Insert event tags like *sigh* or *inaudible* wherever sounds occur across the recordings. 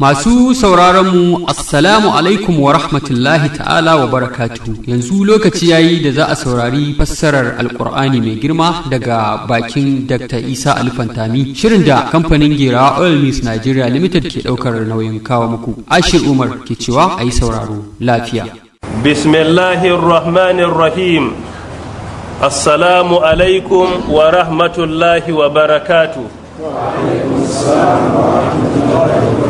Masu mu Assalamu alaikum wa rahmatullahi ta'ala wa barakatuhu. Yanzu lokaci yayi da za a saurari fassarar Alƙur'ani mai girma daga bakin Dr. Isa Alfantami, shirin da kamfanin Gera Oil Mills Nigeria Limited ke ɗaukar nauyin kawo muku. Ashir Umar ke cewa a sauraro lafiya. rahim Assalamu alaikum wa rahmatullahi wa barakatuh. Wa alaikum wa rahmatullahi wa barakatuh.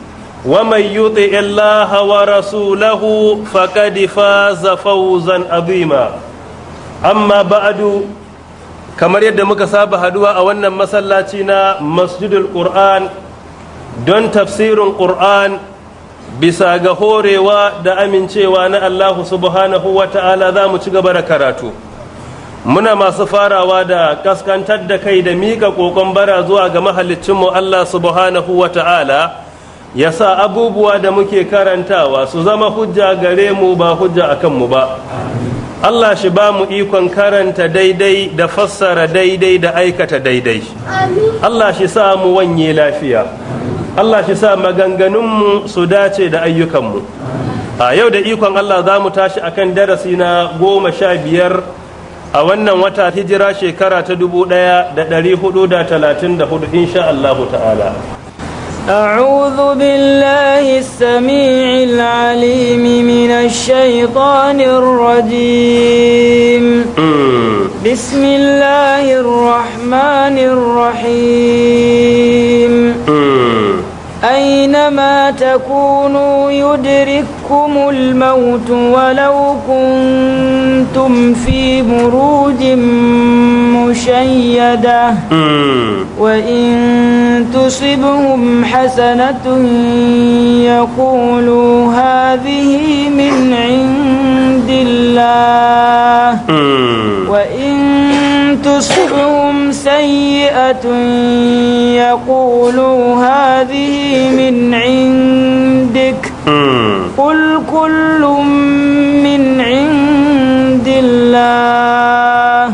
ومن يطع الله ورسوله فقد فاز فوزا عظيما أما بعد kamar yadda muka saba haduwa a wannan masallaci na masjidul Kur'an don tafsirin qur'an bisa ga horewa da amincewa na allahu subhanahu wa ta'ala za mu ci gaba da karatu muna masu farawa da kaskantar da kai da miƙa ƙoƙon bara zuwa ga mahalicinmu allah subhanahu wa ta'ala ya sa abubuwa da muke karantawa su zama hujja gare mu ba hujja a kanmu ba Allah shi ba mu ikon karanta daidai da fassara daidai da aikata daidai Allah shi sa mu wanye lafiya Allah shi sa maganganunmu su dace da ayyukanmu a yau da ikon Allah za mu tashi a kan darasi na goma sha biyar a wannan wata hijira shekara ta dubu ɗaya da ɗari hudu da talatin da hudu insha Allahu ta'ala أعوذ بالله السميع العليم من الشيطان الرجيم بسم الله الرحمن الرحيم أينما تكونوا يدرككم الموت ولو كنتم في بروج مشيدة وإن تصبهم حسنة يقولوا هذه من عند الله وإن تصبهم سيئة يقولوا هذه من عندك قل كل من عند الله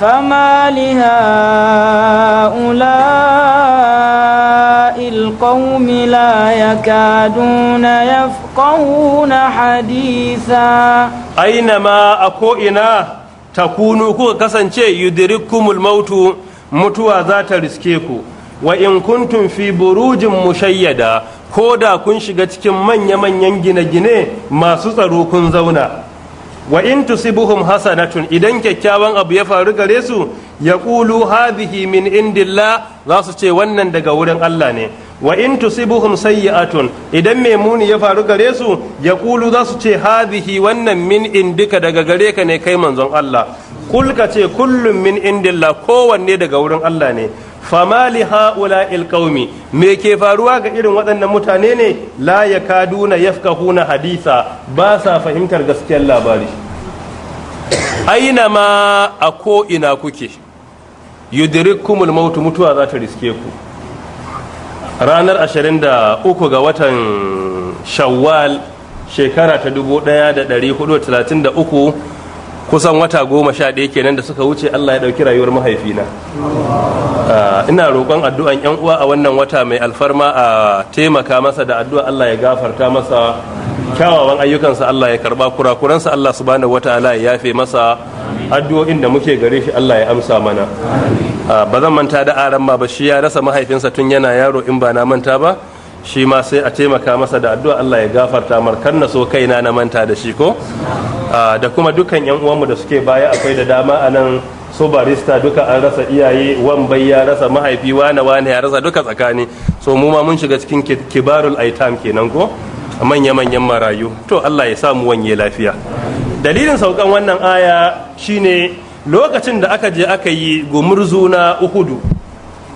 فما لهؤلاء القوم لا يكادون يفقهون حديثا أينما أكو إناه takunu kuka kasance yudrikkumul mautu mutuwa za ta riske ku wa in kuntum fi burujin mushayyada ko da kun shiga cikin manya-manyan gine-gine masu tsaro kun zauna wa in tusibuhum hasanatun idan kyakkyawan abu ya faru gare su ya ƙulu hadhihi min indillah za su ce wannan daga wurin Allah ne wa in tusibuhum sayyi'atun idan mai muni ya faru gare su ya kulu za su ce hadhihi wannan min indika daga gare ka ne kai manzon Allah kul ka ce kullum min indillah kowanne daga wurin Allah ne fama li haula ilkaumi me ke faruwa ga irin waɗannan mutane ne la yakaduna yafkahuna haditha ba sa fahimtar gaskiyar labari aina ma a ko ina kuke yudrikumul maut mutuwa za ta riske ku ranar 23 ga watan shawwal shekara ta 1433 kusan wata goma sha ɗaya kenan da suka wuce Allah ya ɗauki rayuwar mahaifina ah, ina roƙon addu'an yan uwa a wannan wata mai alfarma a taimaka masa da addu'a Allah ya gafarta masa kyawawan ayyukansa Allah ya karba kurakuransa Allah subhanahu ala ya yafe masa addu'o'in da muke gare shi Allah ya amsa mana Ah, ba zan manta da aran ma ba shi ya rasa mahaifinsa tun yana yaro in ba na manta ba shi ma sai a taimaka masa da addu'a Allah ya gafarta markar na so kaina na manta da shi ko ah, da kuma dukan yan uwanmu da suke baya akwai da dama a nan so barista duka an rasa iyaye wambai ya rasa mahaifi wane wane ya rasa duka tsakani so mu ma mun shiga cikin kibarul aitam kenan ko manya manyan marayu to Allah ya samu wanye lafiya dalilin saukan wannan aya shine lokacin da aka je aka yi gumurzu na uhudu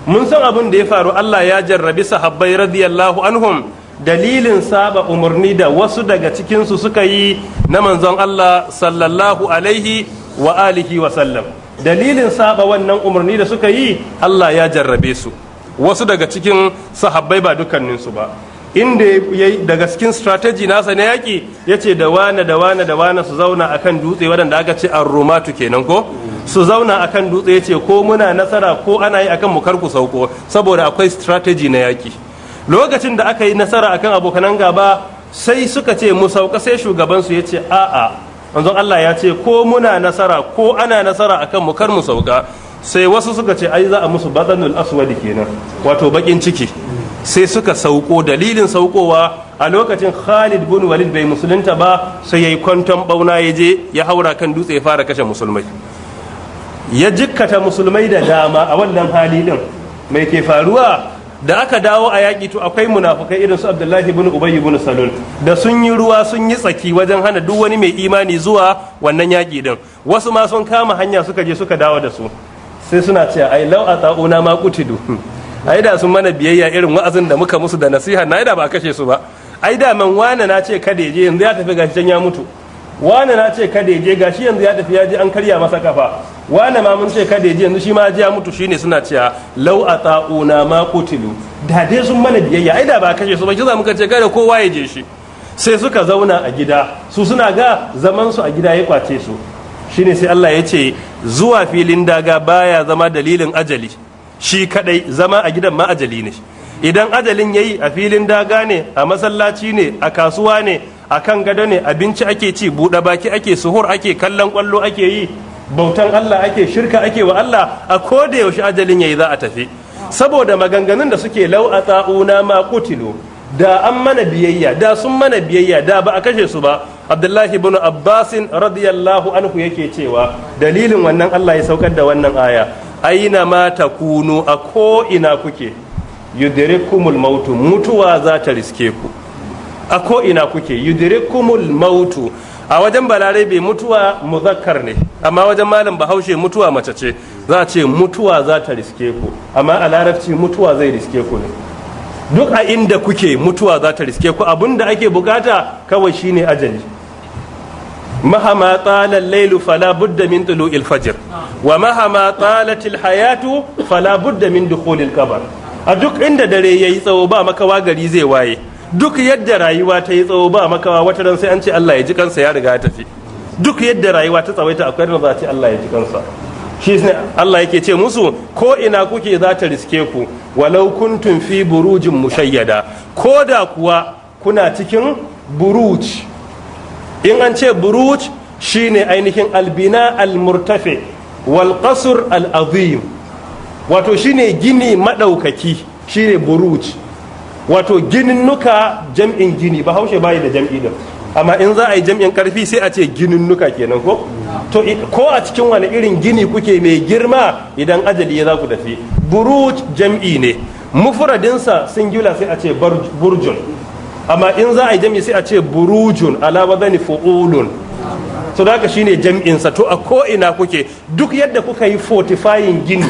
mun san abin da ya faru Allah ya jarrabi sahabbai radiyallahu anhum dalilin saba umarni da wasu daga cikinsu suka yi na manzon Allah sallallahu alaihi wa alihi wa sallam dalilin saba wannan umarni da suka yi Allah ya jarrabe su wasu daga cikin sahabbai ba dukkaninsu ba inda ya daga cikin strategy nasa na yaƙi ya ce da wane da wane da wane su zauna a kan dutse waɗanda aka ce an romatu kenan ko su zauna a kan dutse ya ce ko muna nasara ko ana yi akan mu ku sauko saboda akwai strategy na yaƙi lokacin da aka yi nasara akan abokanan gaba sai suka ce mu sauka sai shugabansu ya ce a'a manzon Allah ya ce ko muna nasara ko ana nasara akan mu kar mu sauka sai wasu suka ce ai za a musu badanul aswadi kenan wato bakin ciki sai suka sauko dalilin saukowa a lokacin khalid bin walid bai musulunta ba sai ya yi kwanton bauna ya je ya haura kan dutse ya fara kashe musulmai ya jikkata musulmai da dama a wannan hali din mai ke faruwa da aka dawo a yaƙi to akwai munafukai irin su abdullahi bin ubayi bin salul da sun yi ruwa sun yi tsaki wajen hana duk wani mai imani zuwa wannan yaƙi din wasu ma sun kama hanya suka je suka dawo da su sai suna cewa ai lau a tsa'una ma kutidu ai da sun mana biyayya irin wa'azin da muka musu da nasiha na da ba kashe su ba ai da man wane na ce kada je yanzu ya tafi gashi can ya mutu wane na ce kada je gashi yanzu ya tafi ya je an karya masa kafa wane ma mun ce kada je yanzu shi ma ya mutu shine suna cewa law ata'una ma qutilu da dai sun mana biyayya ai da ba kashe su ba kiza muka ce kada kowa ya je shi sai suka zauna a gida su suna ga zaman su a gida ya kwace su shine sai Allah ya ce zuwa filin daga baya zama dalilin ajali shi kadai zama a gidan ma ajali ne idan ajalin yayi a filin daga ne a masallaci ne a kasuwa ne a kan gado ne abinci ake ci buɗe baki ake suhur ake kallon kwallo ake yi bautan Allah ake shirka ake wa Allah a ko da yaushe ajalin yayi za a tafi saboda maganganun da suke lau a tsa'una ma kutilo da an mana biyayya da sun mana biyayya da ba a kashe su ba abdullahi ibn abbasin radiyallahu anhu yake cewa dalilin wannan Allah ya saukar da wannan aya aina ma takunu a ko ina kuke kumul mautu mutuwa za ta riske ku a ko ina kuke kumul mautu a wajen bai mutuwa muzakkar ne amma wajen malam bahaushe mutuwa mace ce za ce mutuwa za ta riske ku amma a larabci mutuwa zai riske ku ne duk a inda kuke mutuwa za ta riske ku abinda ake bukata kawai shine ajali mahama tsala lailu fala budda min tulu'il wa mahama talatil hayatu fala budda min dukhulil a duk inda dare yayi tsawo ba makawa gari zai waye duk yadda rayuwa ta yi tsawo ba makawa wata ran an ce Allah ya ji kansa ya riga ya tafi duk yadda rayuwa ta tsawaita akwai ran za ce Allah ya ji kansa shi ne Allah yake ce musu ko ina kuke zata riske ku walau kuntum fi burujin shayyada. ko da kuwa kuna cikin buruj in an ce buruj shine ainihin albina almurtafe wal qasr al azim wato shine gini madaukaki shine buruj wato ginin nuka jam'in gini ba haushe bayi da jam'i din amma in za a yi jam'in ƙarfi sai a ce ginin nuka kenan ko to ko a cikin wani irin gini kuke mai girma idan ajali ya za ku tafi buruj jam'i ne mufradinsa singular sai a ce burjun amma in za a yi jam'i sai a ce burujun ala wadani fu'ulun so da shine jam'in sa to a ko ina kuke duk yadda kuka yi fortifying gini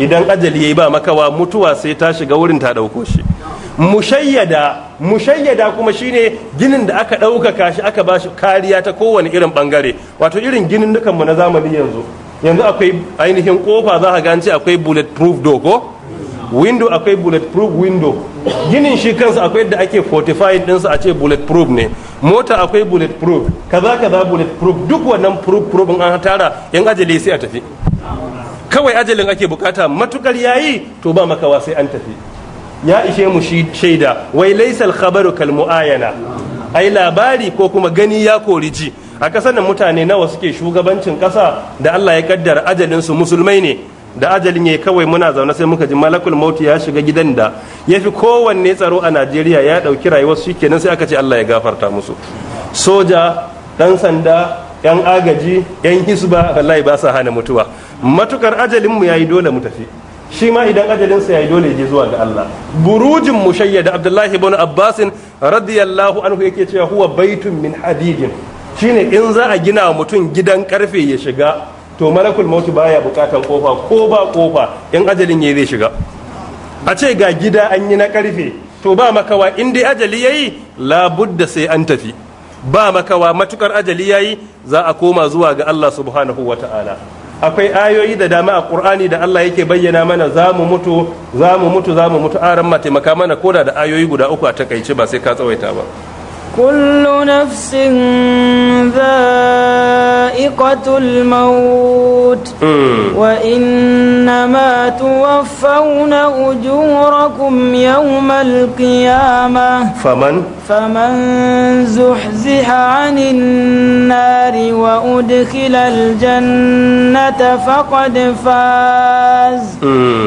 idan ajali ya yi ba makawa mutuwa sai ta shiga wurin ta dauko shi mushayyada mushayyada kuma shine ginin da aka ɗaukaka shi aka ba shi kariya ta kowane irin bangare wato irin ginin dukanmu na zamani yanzu yanzu akwai ainihin kofa za a ganci akwai bulletproof ko window akwai bulletproof window ginin shi kansa akwai da ake fortified ɗinsa a ce bulletproof ne mota akwai bulletproof kaza kaza bulletproof duk wannan proof proof an tara yan ajali sai a tafi kawai ajalin ake bukata matukar yayi to ba makawa sai an tafi ya ishe mu shi shaida wai laisal khabaru kal muayana ai labari ko kuma gani ya kori ji a kasar nan mutane nawa suke shugabancin kasa da Allah ya kaddara ajalin su musulmai ne da ajalin yayi kawai muna zaune sai muka ji malakul mauti ya shiga gidan da ya fi kowanne tsaro a Najeriya ya ɗauki rayuwar su kenan sai aka ce Allah ya gafarta musu soja ɗan sanda yan agaji yan hisba wallahi ba sa hana mutuwa matukar ajalin mu yayi dole mu tafi shi ma idan ajalinsa ya yi dole je zuwa ga Allah burujin shayyada abdullahi ibn abbasin radiyallahu anhu yake cewa huwa baitun min hadidin shine in za a gina mutum gidan karfe ya shiga to malakul mautu baya bukatan kofa ko ba kofa in ajalin yayi zai shiga a ce ga gida an yi na karfe to ba makawa in dai ajali yayi labudda sai an tafi ba makawa matukar ajali yayi za a koma zuwa ga Allah subhanahu ta'ala. akwai ayoyi da dama a Qur'ani da Allah yake bayyana mana za mu mutu za mu mutu za mu mutu aran mataimaka taimaka mana koda da ayoyi guda uku a takaice ba sai ka tsawaita ba كل نفس ذائقة الموت وإنما توفون أجوركم يوم القيامة فمن فمن زحزح عن النار وأدخل الجنة فقد فاز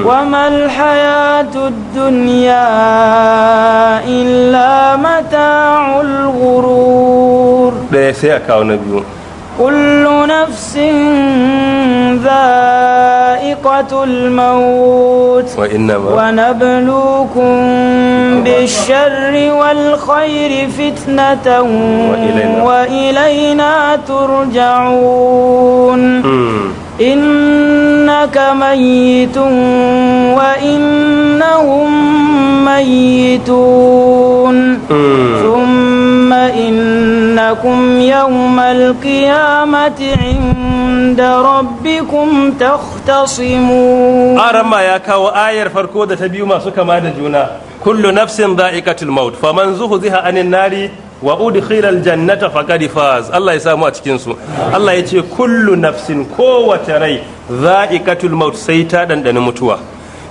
وما الحياة الدنيا إلا متاع الغرور كل نفس ذائقة الموت وإنما ونبلوكم بالشر والخير فتنة وإلينا, وإلينا ترجعون إنك ميت وإنهم ميتون ثم ثم إنكم يوم القيامة عند ربكم تختصمون أرما يا كاو آير فركودة بيوما سكما دجونا كل نفس ذائقة الموت فمن زهزها عن النار wa udkhilal jannata faqad faz Allah ya samu a cikinsu. Allah ya ce kullu nafsin kowace rai za'iqatul maut sai ta dandane mutuwa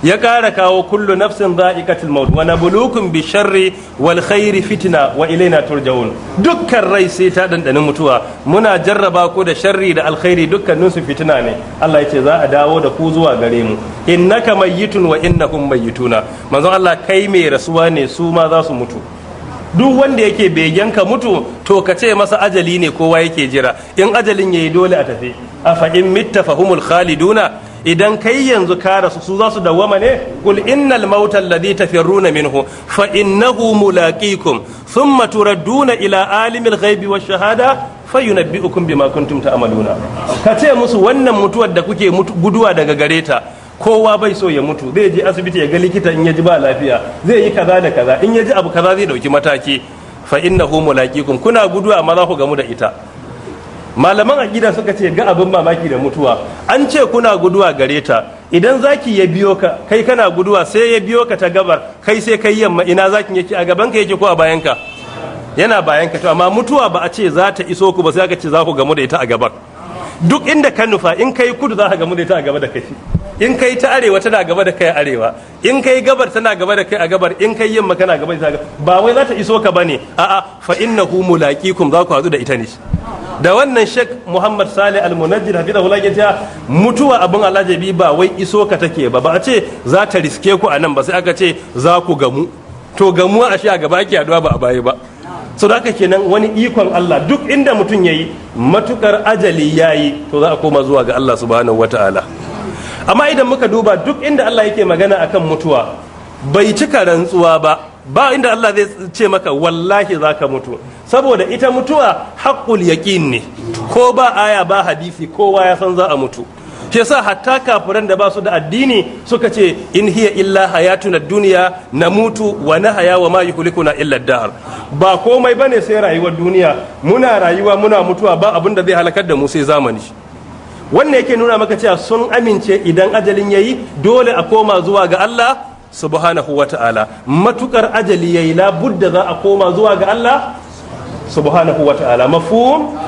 ya ƙara kawo kullu nafsin za'iqatul maut wa nabluukum bi sharri wal khairi fitna wa ilaina turja'un dukkan rai sai ta dandanin mutuwa muna jarraba ko da sharri da alkhairi dukkanin su fitina ne Allah ya ce za a dawo da ku zuwa gare mu innaka mayyitun wa innahum mayyituna manzon Allah kai mai rasuwa ne su ma za su mutu duk wanda yake begen ka mutu to ka ce masa ajali ne kowa yake jira in ajalin yayi dole a tafi afa in mitta fahumul khaliduna idan kai yanzu ka rasu su za su dawwama ne kul innal mauta alladhi tafirruna minhu fa innahu mulaqikum thumma turadduna ila alimil ghaibi wash shahada fayunabbi'ukum bima kuntum ta'maluna ka ce musu wannan mutuwar da kuke guduwa daga gareta kowa bai so ya mutu zai je asibiti ya ga likita in ya ji ba lafiya zai yi kaza da kaza in ya ji abu kaza zai dauki mataki fa innahu mulaqikum kuna guduwa amma za ku gamu da ita malaman aƙida suka ce ga abin mamaki da mutuwa an ce kuna guduwa gare ta idan zaki ya biyo ka kai kana guduwa sai ya biyo ka ta gabar kai sai kai yamma ina zakin yake a gaban ka yake ko a bayan ka yana bayan ka to amma mutuwa ba a ce za ta iso ku ba sai aka ce za ku gamu da ita a gaban duk inda ka nufa in kai kudu za ka gamu da ita a gaba da kai in kai ta arewa tana gaba da kai arewa in kai gabar tana gaba da kai a gabar in kai yamma kana gaba da ita ba wai za ta iso ka bane a'a fa innahu mulaqikum za ku hadu da ita ne da wannan shek muhammad salih almunajjir hafi da ya ta mutuwa abin alajabi ba wai iso ka take ba ba a ce za ta riske ku a nan ba sai aka ce za ku gamu to gamu a sha gaba ke yaduwa ba a baya ba so da kenan wani ikon Allah duk inda mutum ya yi matukar ajali ya yi to za a koma zuwa ga Allah subhanahu ta'ala amma idan muka duba duk inda Allah yake magana akan mutuwa bai cika rantsuwa ba ba inda Allah zai ce maka wallahi za ka mutu saboda ita mutuwa haƙul yaƙin ne ko ba aya ba hadisi kowa ya san za a mutu ke sa hatta kafiran da ba su da addini suka ce in hiya illa hayatuna duniya na mutu wa na haya wa kuliku na illa dahar ba komai ba ne sai rayuwar duniya muna rayuwa muna mutuwa ba abin da zai halakar da mu sai zamani wannan yake nuna maka cewa sun amince idan ajalin yayi dole a koma zuwa ga Allah subhanahu wa ta'ala matukar ajali yayi labudda za a koma zuwa ga Allah subhanahu wa ta'ala mafhum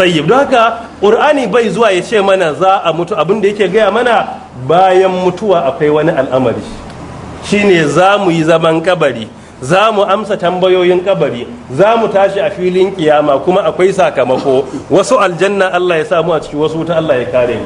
tayyib don haka qur'ani bai zuwa ya ce mana za a mutu abin da yake gaya mana bayan mutuwa akwai wani al'amari shine za mu yi zaman kabari za mu amsa tambayoyin kabari za mu tashi a filin kiyama kuma akwai sakamako wasu aljanna Allah ya samu a ciki wasu ta Allah ya kare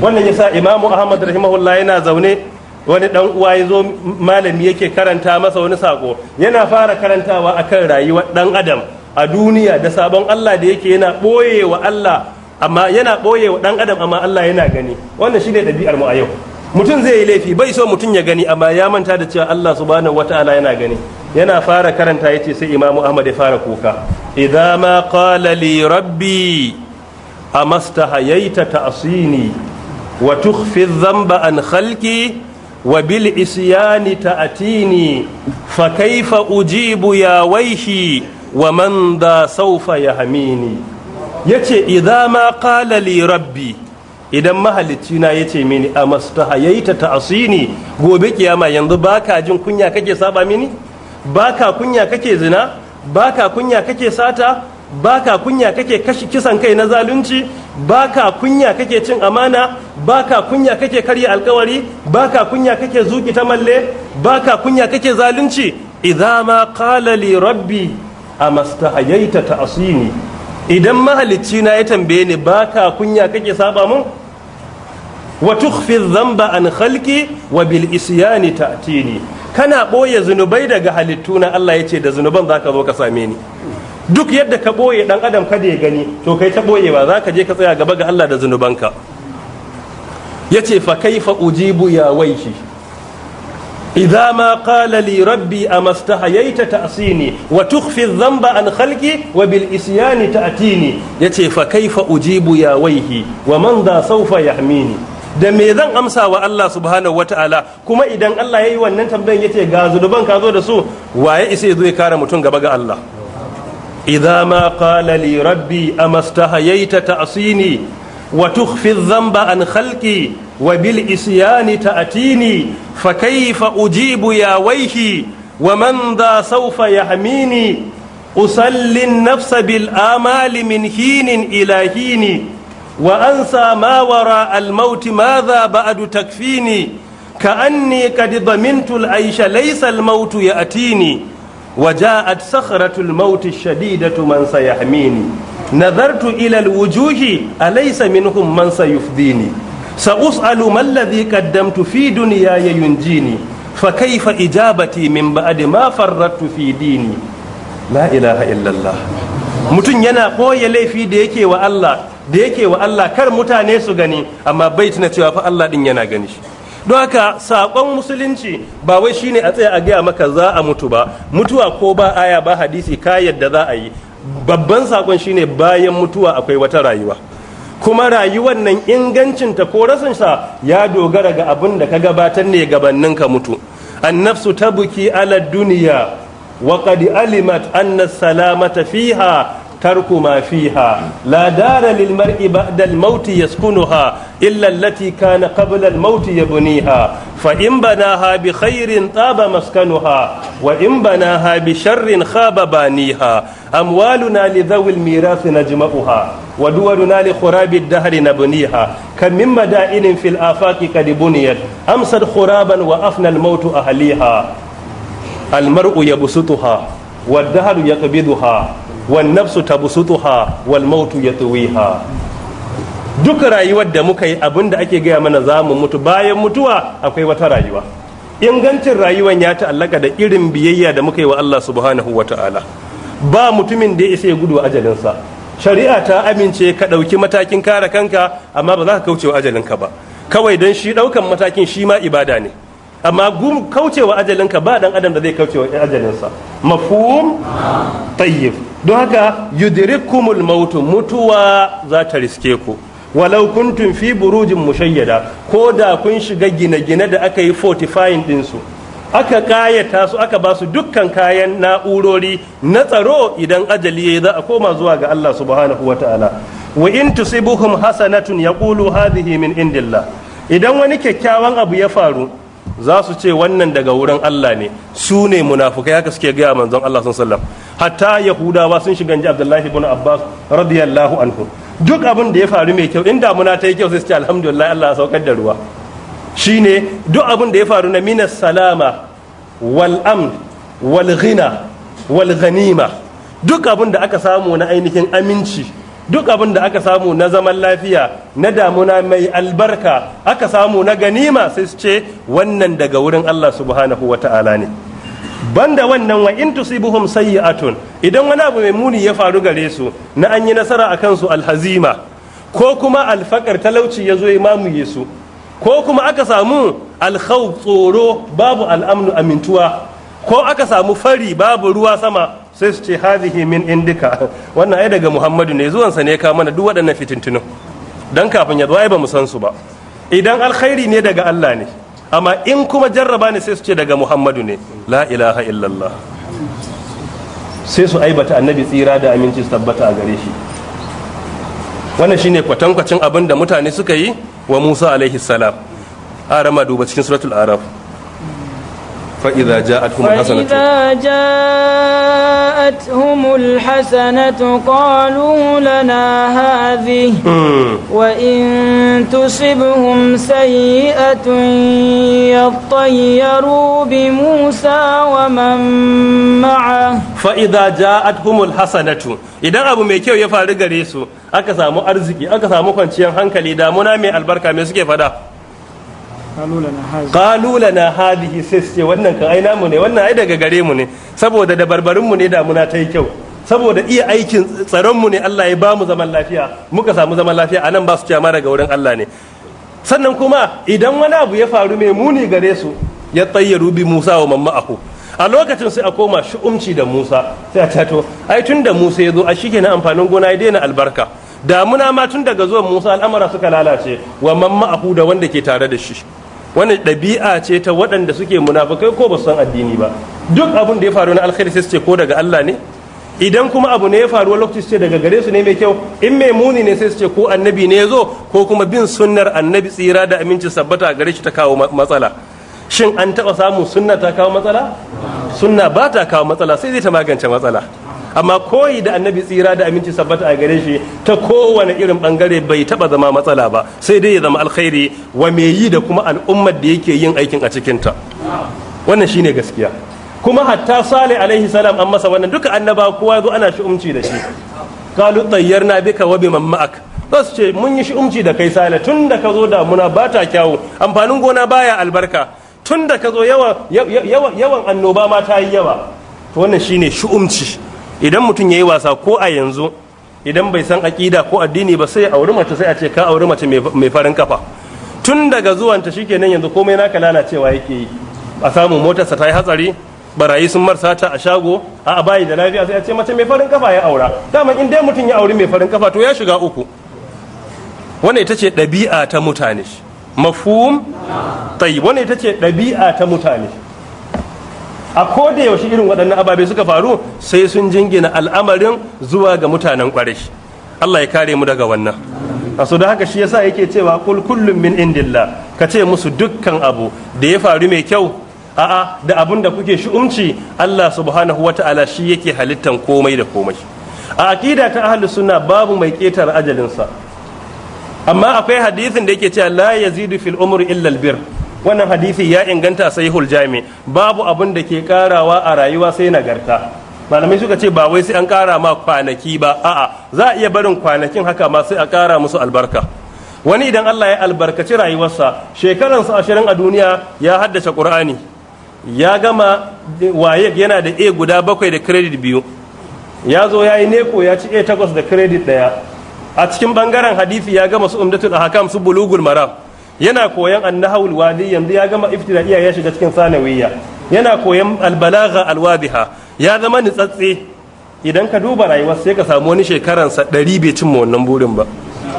wannan yasa imamu ahmad rahimahullah yana zaune wani dan uwa ya zo malami yake karanta masa wani sako yana fara karantawa akan rayuwar dan adam a duniya da sabon Allah da yake yana ɓoye wa Allah amma yana ɓoye wa dan adam amma Allah yana gani wannan shine ɗabi'ar mu a yau mutum zai yi laifi bai so mutum ya gani amma ya manta da cewa Allah subhanahu wata'ala yana gani yana fara karanta yace sai Imamu Ahmad ya fara kuka idza ma qala li rabbi amastahayaita ta'sini wa tukhfi dhanba an khalqi wa bil isyani ta'atini fa kaifa ujibu ya waihi wa man da saufa ya hamini ce idan ma qala li rabbi idan mahalicci na ce mini a ta ta'asini gobe kiyama yanzu ba ka jin kunya kake saba mini Ba ka kunya kake zina Ba ka kunya kake sata Ba ka kunya kake kashi kisan kai na zalunci baka kunya kake cin amana baka kunya kake karya alkawari baka kunya kake zuki ta malle baka kunya kake zalunci idza ma qala li rabbi ta ta'sini idan mahalicci na ya tambaye ni baka kunya kake saba mun wa tukhfi dhanba an khalqi wa bil isyani ta'tini kana boye zunubai daga halittu na Allah yace da zunuban zaka zo ka same ni duk yadda ka boye ɗan adam kada ya gani to kai ta boyewa za ka je ka tsaya gaba ga Allah da zunubanka ya ce fa kaifa ujibu ya waiki idza ma qala li rabbi amastahayta ta'sini wa tukhfi dhanba an khalqi wa bil isyani ta'tini yace fa kaifa ujibu ya waihi wa man da sawfa yahmini da me zan amsa wa Allah subhanahu wa ta'ala kuma idan Allah yayi wannan tambayan yace ga zunuban ka zo da su waye isa yazo ya kare mutum gaba ga Allah idza ma Rabbi a rabbi ta ta'sini wa tukhfi zamba an khalƙi, wa bil isyani ta'tini fa kayfa ujibu ya wayhi wa man dha sawfa yahmini usalli an-nafsa bil amali min hinin ilahini, wa ansa ma wara al-maut madha ba'du takfini ka'anni qad dhamintu al-aisha laysa al-maut ya'tini waja'at at mauti shadidatu shadi man sayi amini nazartu ilal wujuhi alaisamin huma sayuf dini. saus allah malladi kaddam tufi duniya yayun fa kaifa ijabati min ba'a ma farra tufi dini. la illaha illallah mutum yana koya laifi da ya ke wa allah kar mutane su gani amma bai tana cewa fa allah din yana gani. don haka sakon musulunci ba wai shine a tsaye a gaya maka za a mutu ba mutuwa ko ba aya ba hadisi ka yadda za a yi babban saƙon shine bayan mutuwa akwai wata rayuwa kuma rayuwar nan ingancinta ko rasansa ya dogara ga abin da ka gabatar ne gabanin ka mutu annafsu ta buki ala duniya wa qad alimat anna salamata fiha tarku ma fiha la dara lil mar'i ba'da al maut yaskunuha illa allati kana qabla al maut yabniha fa in banaha bi khairin taba maskanuha wa in banaha bi sharrin khaba baniha amwaluna li dhawi al mirath najma'uha wa duwaruna li khurabi ad dahri nabniha kam min mada'in fil afaqi kad buniyat amsad khuraban wa afna al maut ahliha al mar'u yabsutuha wad dahru yaqbiduha wan nafsu tabsutuha wal mautu duk rayuwar da muka yi abin da ake gaya mana za mu mutu bayan mutuwa akwai wata rayuwa ingancin rayuwar ya ta'allaka da irin biyayya da muka yi wa Allah subhanahu wa ta'ala ba mutumin da ya isa ya gudu ajalinsa shari'a ta amince ka ɗauki matakin kare kanka amma ba za ka kauce wa ajalinka ba kawai don shi ɗaukan matakin shi ma ibada ne amma gum kaucewa ajalinka ba dan adam da zai kaucewa ajalinsa mafhum tayyib don haka yudrikumul maut mutuwa za ta riske ku walau kuntum fi burujin mushayyada ko da kun shiga gine-gine da aka yi fortifying din aka kayata su aka ba su dukkan kayan na'urori na tsaro idan ajali yayi za a koma zuwa ga Allah subhanahu wata'ala wa in tusibuhum hasanatun yaqulu hadhihi min indillah idan wani kyakkyawan abu ya faru za su ce wannan daga wurin Allah ne su ne munafukai haka suke gaya manzon Allah sun sallam hatta yahudawa sun shiga ji Abdullahi ibn Abbas radiyallahu anhu duk abin da ya faru mai kyau inda muna ta yi kyau sai su ce alhamdulillah Allah ya saukar da ruwa shine duk abin da ya faru na minas salama wal amn wal ghina wal ghanima duk abin da aka samu na ainihin aminci duk abin da aka samu na zaman lafiya na damuna mai albarka aka samu na ganima sai su ce wannan daga wurin Allah subhanahu wa ta'ala ne banda wannan wa in tusibuhum sayyi'atun idan wani abu mai muni ya faru gare su na an yi nasara a kansu alhazima ko kuma alfakar talauci ya zo ya mamuye su ko kuma aka samu alkhawf tsoro babu al'amnu amintuwa ko aka samu fari babu ruwa sama sai su ce hadhihi min indika wannan ai daga muhammadu ne zuwansa ne ka mana duk waɗannan fitintunan dan kafin ya zo ai ba mu san su ba idan alkhairi ne daga Allah ne amma in kuma jarraba ne sai su ce daga muhammadu ne la ilaha illallah sai su aibata annabi tsira da aminci su tabbata a gare shi wannan shine kwatankwacin abin da mutane suka yi wa musa alaihi salam arama duba cikin suratul araf فإذا جاءتهم الحسنة فإذا جاءتهم الحسنة قالوا لنا هذه وإن تصبهم سيئة يطيروا بموسى ومن معه فإذا جاءتهم الحسنة idan abu mai kyau ya faru gare su aka samu arziki aka samu kwanciyar hankali damuna mai albarka mai suke fada kalula na hadi sai ce wannan kan aina mu ne wannan ai daga gare mu ne saboda da barbarin mu ne damuna ta yi kyau saboda iya aikin tsaron mu ne Allah ya ba mu zaman lafiya muka samu zaman lafiya anan ba su ce daga wurin Allah ne sannan kuma idan wani abu ya faru mai muni gare su ya tayyaru bi Musa wa mamma aku a lokacin sai a koma shi'umci da Musa sai a tato ai tun da Musa ya zo a shike na amfanin gona ya daina albarka damuna ma tun daga zuwan Musa al'amara suka lalace wa mamma aku da wanda ke tare da shi wani ɗabi'a ce ta waɗanda suke munafukai ko ba san addini ba duk abin da ya faru na alkhairi sai ce ko daga Allah ne idan kuma abu ne ya faru lokaci ce daga gare su ne mai kyau in mai muni ne sai su ce ko annabi ne ya zo ko kuma bin sunnar annabi tsira da amincin sabbata a gare shi ta kawo matsala shin an taɓa samun sunna ta kawo matsala sunna ba ta kawo matsala sai zai ta magance matsala amma koyi da annabi tsira da aminci sabbata a gare shi ta kowane irin bangare bai taba zama matsala ba sai dai ya zama alkhairi wa me yi da kuma al'ummar da yake yin aikin a ta wannan shine gaskiya kuma hatta sale alaihi salam an masa wannan duka annaba kowa zo ana umci da shi kalu tayyarna bika wa biman ma'ak za su ce mun yi shi umci da kai sale tun da ka zo damuna ba ta kyawu amfanin gona baya albarka tun da ka zo yawan annoba ma ta yi yawa to wannan shine umci. idan mutum ya yi wasa ko a yanzu idan bai san aƙida ko addini ba sai auri mace sai a ce ka auri mace mai farin kafa tun daga zuwanta nan yanzu komai naka lalacewa yake yi a samu motarsa ta yi hatsari barayi sun marsa ta a shago a bayi da lafiya sai a ce mace mai farin kafa ya aura daman in dai mutum ya auri mai farin kafa to ya shiga uku wanda ita ce ɗabi'a ta mutane mafhum tayyib wanda ita ce ɗabi'a ta mutane a ko yaushe irin waɗannan ababe suka faru sai sun jingina al'amarin zuwa ga mutanen ƙwarai Allah ya kare mu daga wannan a so da haka shi yasa yake cewa kul kullum min indillah ka ce musu dukkan abu da ya faru mai kyau a'a da abun da kuke shi'umci Allah subhanahu wata'ala shi yake halittan komai da komai a aqida ta ahlus sunna babu mai ketar ajalinsa amma akwai hadisin da yake cewa la yazidu fil umri illa albir wannan hadisi ya inganta sai huljami babu abin da ke karawa a rayuwa sai nagarta malamai suka ce ba wai sai an kara ma kwanaki ba a'a za a iya barin kwanakin haka ma sai a kara musu albarka wani idan Allah ya albarkaci rayuwarsa shekaransa ashirin a duniya ya haddace qur'ani ya gama waye yana da a guda bakwai da credit biyu ya zo ya yi neko ya ci a takwas da credit daya a cikin bangaren hadisi ya gama su umdatul hakam su bulugul maram yana koyan annahu alwadi yanzu ya gama ibtidaiya ya shiga cikin sanawiyya yana koyan albalagha alwadiha ya zama nitsatse idan ka duba rayuwar sai ka samu wani shekaran sa ɗari bai cin wannan burin ba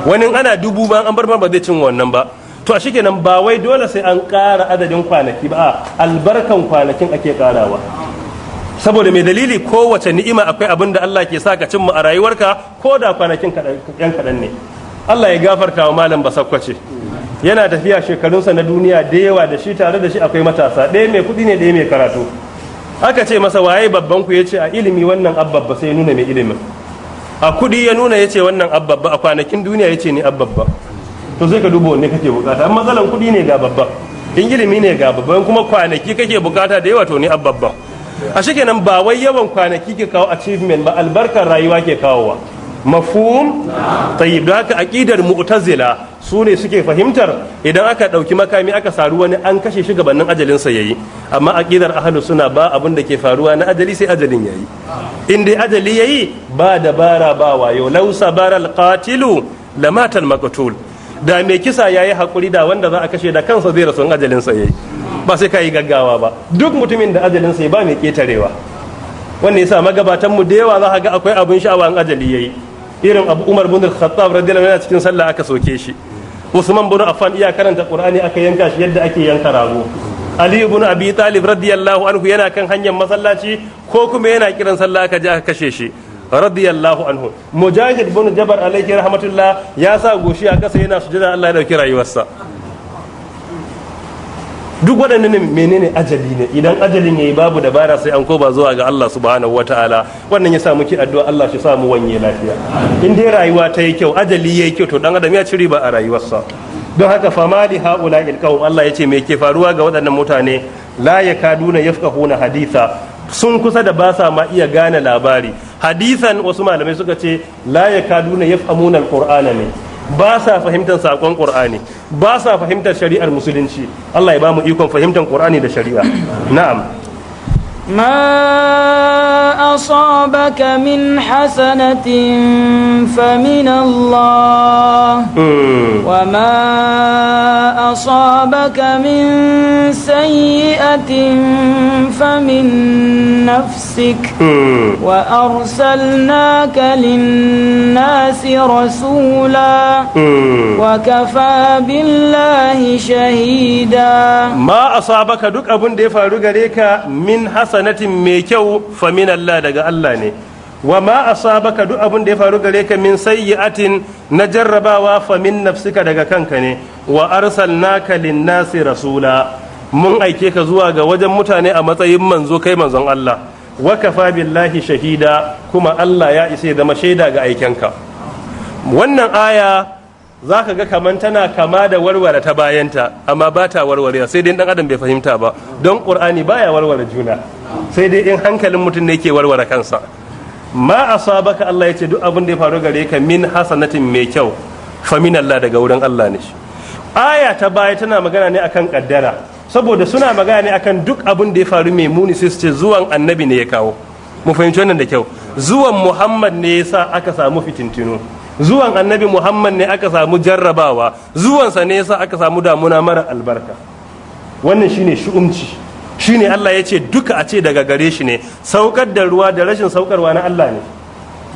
wani ana dubu ba an bar ba zai cimma wannan ba to a shikenan ba wai dole sai an ƙara adadin kwanaki ba albarkan kwanakin ake ƙarawa saboda mai dalili kowace ni'ima akwai abin da Allah ke sa ka cimma a rayuwarka ko da kwanakin yan kaɗan ne Allah ya gafarta wa malam basakwace yana tafiya shekarunsa na duniya da yawa da shi tare da shi akwai matasa ɗaya mai kuɗi ne ɗaya mai karatu aka ce masa waye babban ku yace a ilimi wannan abbabba sai nuna mai ilimin a kuɗi ya nuna yace wannan abbabba a kwanakin duniya yace ni abbabba to sai ka duba wanne kake bukata amma matsalan kuɗi ne ga babba in ilimi ne ga babba kuma kwanaki kake bukata da yawa to ni abbabba a nan ba wai yawan kwanaki ke kawo achievement ba albarkar rayuwa ke kawowa mafhum tayyib da haka aqidar mu'tazila su ne suke fahimtar idan aka ɗauki makami aka saru wani an kashe shi gabanin ajalinsa ya yi amma a ahalu suna ba abin da ke faruwa na ajali sai ajalin ya yi in dai ajali ya yi ba bara ba wayo lausa baral qatilu lamatal maqtul da mai kisa ya yi haƙuri da wanda za a kashe da kansa zai rasu ajalinsa ya yi ba sai ka yi gaggawa ba duk mutumin da ajalinsa ya ba mai ketarewa wanda ya sa mu da yawa za a ga akwai abin sha'awa in ajali ya yi irin abu umar bin khattab radiyallahu anhu cikin sallah aka soke shi usman bin affan iya karanta qur'ani aka yanka shi yadda ake yanka rago ali ibn abi talib radiyallahu anhu yana kan hanyar masallaci ko kuma yana kiran sallah aka je aka kashe shi radiyallahu anhu mujahid bin jabar alaihi rahmatullah ya sa goshi a kasa yana sujada Allah ya dauki rayuwarsa duk waɗannan menene ajali ne idan ajalin yayi babu dabara sai an koba zuwa ga Allah subhanahu wataala wannan sa muke addu'a Allah shi sa mu wanye lafiya in dai rayuwa ta yi kyau ajali yayi kyau to dan adam ya ci riba a rayuwarsa don haka fama li haula qaum Allah yace me ke faruwa ga waɗannan mutane la yakaduna yafqahuna haditha sun kusa da ba sa ma iya gane labari hadisan wasu malamai suka ce la yakaduna yafhamuna alqur'ana ne ba sa fahimtar saƙon ƙur'ani ba sa fahimtar shari'ar musulunci Allah ya ba mu ikon fahimtar ƙur'ani da shari'a na'am ما أصابك من حسنة فمن الله وما أصابك من سيئة فمن نفسك وأرسلناك للناس رسولا وكفى بالله شهيدا ما أصابك دك أبن دفع من حسنة hasanatin mai kyau famin Allah daga Allah ne wa ma asabaka duk abin da ya faru gare ka min sayyi'atin na jarrabawa fa nafsika daga kanka ne wa arsalnaka lin-nasi rasula mun aike ka zuwa ga wajen mutane a matsayin manzo kai manzon Allah wa kafa billahi shahida kuma Allah ya isa ya zama shaida ga aikenka wannan aya za ka ga kamar tana kama da warware ta bayanta amma ba ta warwarewa sai dai dan adam bai fahimta ba don qur'ani baya warware juna sai dai in hankalin mutum ne ke warware kansa ma asabaka Allah ya ce duk abin da ya faru gare ka min hasanatin mai kyau fa Allah daga wurin Allah ne aya ta baya tana magana ne akan kaddara saboda suna magana ne akan duk abin da ya faru mai muni sai su ce zuwan annabi ne ya kawo mu fahimci wannan da kyau zuwan Muhammad ne yasa aka samu fitintinu zuwan annabi muhammad ne aka samu jarrabawa zuwansa ne yasa aka samu damuna mara albarka wannan shine shi'umci shine Allah ya ce duka a ce daga gare shi ne saukar da ruwa da rashin saukarwa na Allah ne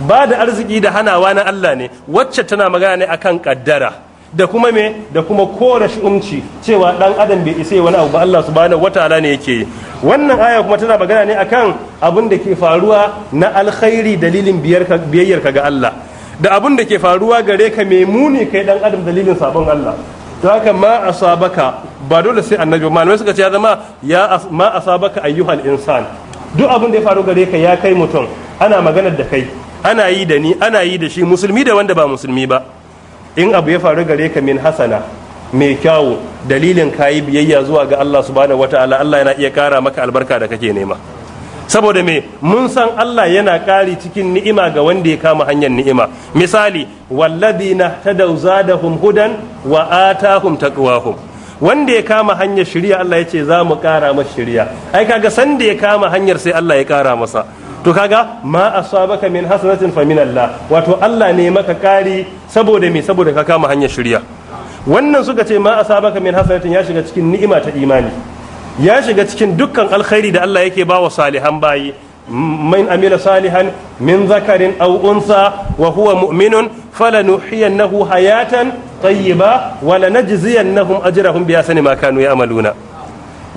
ba da arziki da hanawa na Allah ne wacce tana magana ne akan kaddara da kuma me da kuma kora shi'umci cewa dan adam bai isa wani abu ba Allah subhanahu wataala ne yake wannan aya kuma tana magana ne akan abin da ke faruwa na alkhairi dalilin biyayyar ka ga Allah da abun da ke faruwa gare ka mai muni kai dan adam dalilin sabon Allah to haka ma asabaka ba dole sai annabi malamai suka ce ya zama ya ma asabaka ayyuhal insan duk abun da ya faru gare ka ya kai mutum ana maganar da kai ana yi da ni ana yi da shi musulmi da wanda ba musulmi ba in abu ya faru gare ka min hasana mai kyawu dalilin kayi biyayya zuwa ga Allah subhanahu wataala Allah yana iya kara maka albarka da kake nema saboda me mun san Allah yana ƙari cikin ni'ima ga wanda ya kama hanyar ni'ima misali walladina tadaw zadahum hudan wa atahum taqwahum wanda ya kama hanyar shirya Allah ya ce za mu ƙara masa shari'a ai kaga san da ya kama hanyar sai Allah ya ƙara masa to kaga ma asabaka min hasanatin fa min Allah wato Allah ne maka ƙari saboda me saboda ka kama hanyar shirya wannan suka ce ma asabaka min hasanatin ya shiga cikin ni'ima ta imani ya shiga cikin dukkan alkhairi da Allah yake ba wa salihan bayi min amila salihan min zakarin aw unsa wa huwa mu'minun falanuhiyannahu hayatan tayyiba wa lanajziyannahum ajrahum bi asani ma kanu ya'maluna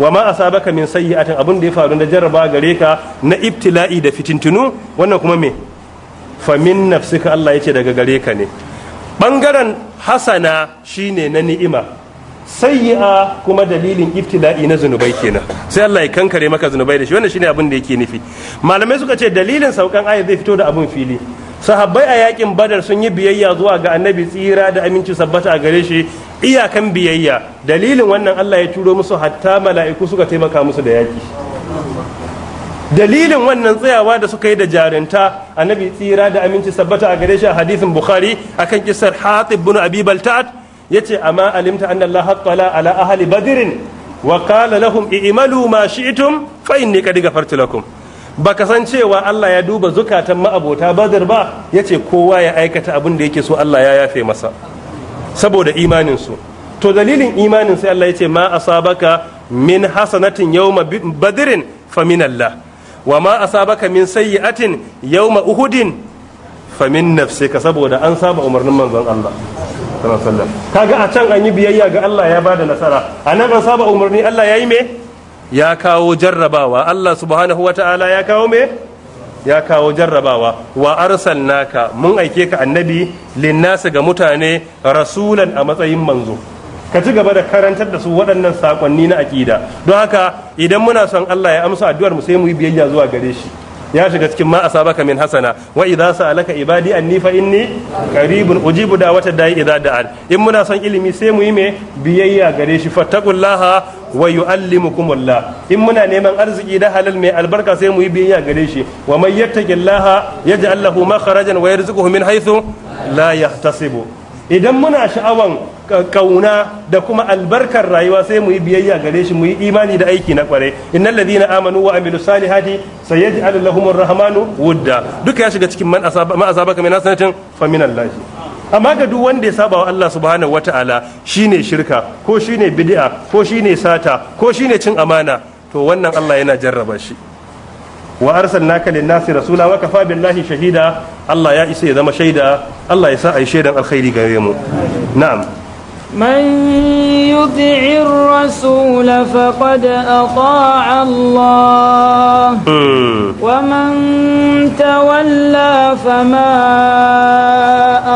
wa ma asabaka min sayyi'atin abun da ya faru da jarraba gare ka na ibtila'i da fitintunu wannan kuma me fa min nafsika Allah yace daga gare ka ne bangaren hasana shine na ni'ima sayi'a kuma dalilin iftila'i na zunubai kenan sai Allah ya kankare maka zunubai da shi wannan shine abin da yake nufi malamai suka ce dalilin saukan ayat zai fito da abin fili sahabbai a yakin badar sun yi biyayya zuwa ga annabi tsira da aminci sabbata a gare shi iyakan biyayya dalilin wannan Allah ya turo musu hatta mala'iku suka taimaka musu da yaki dalilin wannan tsayawa da suka yi da jarinta annabi tsira da aminci sabbata a gare shi a hadisin bukhari akan kisar hatib ibn abi baltat yace amma alimta anna Allah haqqala ala ahli badrin wa qala lahum i'malu ma shi'tum fa inni qad ghafartu lakum baka san cewa Allah ya duba zukatan ma'abota badr ba yace kowa ya aikata abin da yake so Allah ya yafe masa saboda imanin su to dalilin imanin sai Allah yace ma asabaka min hasanatin yawma badrin fa min Allah wa ma asabaka min sayyi'atin yawma uhudin fa min nafsika saboda an saba umarnin manzon Allah sallallahu kaga a can an yi biyayya ga Allah ya bada nasara a nan an saba umarni Allah ya yi me ya kawo jarrabawa Allah subhanahu ta'ala ya kawo me ya kawo jarrabawa wa arsalnaka mun aike ka annabi linnasi ga mutane rasulan a matsayin manzo ka ci gaba da karantar da su waɗannan sakonni na aƙida don haka idan muna son Allah ya amsa addu'ar mu sai mu yi biyayya zuwa gare shi ya shiga cikin ma asabaka min hasana wa idza sa'alaka ibadi anni fa inni qaribun ujibu da'wata da'i idza da'an in muna son ilimi sai mu yi me biyayya gare shi fattaqullaha wa yu'allimukumullah in muna neman arziki da halal mai albarka sai mu yi biyayya gare shi wa man yattaqillaha yaj'al lahu makharajan wa yarzuquhu min haythu la yahtasibu idan muna sha'awan kauna da kuma albarkar rayuwa sai mu yi biyayya gare shi mu yi imani da aiki na kware innal ladina amanu wa amilu salihati sayaj'al lahum rahmanu wudda duka ya shiga cikin man asaba ma asaba kamina sanatin fa minallahi amma ga duk wanda ya saba wa Allah subhanahu wataala shine shirka ko shine bid'a ko shine sata ko shine cin amana to wannan Allah yana jarraba shi wa arsalnaka lin-nasi rasula wa kafa billahi shahida Allah ya isa ya zama shaida Allah ya sa ai shaidan alkhairi gare mu na'am من يطع الرسول فقد أطاع الله ومن تولى فما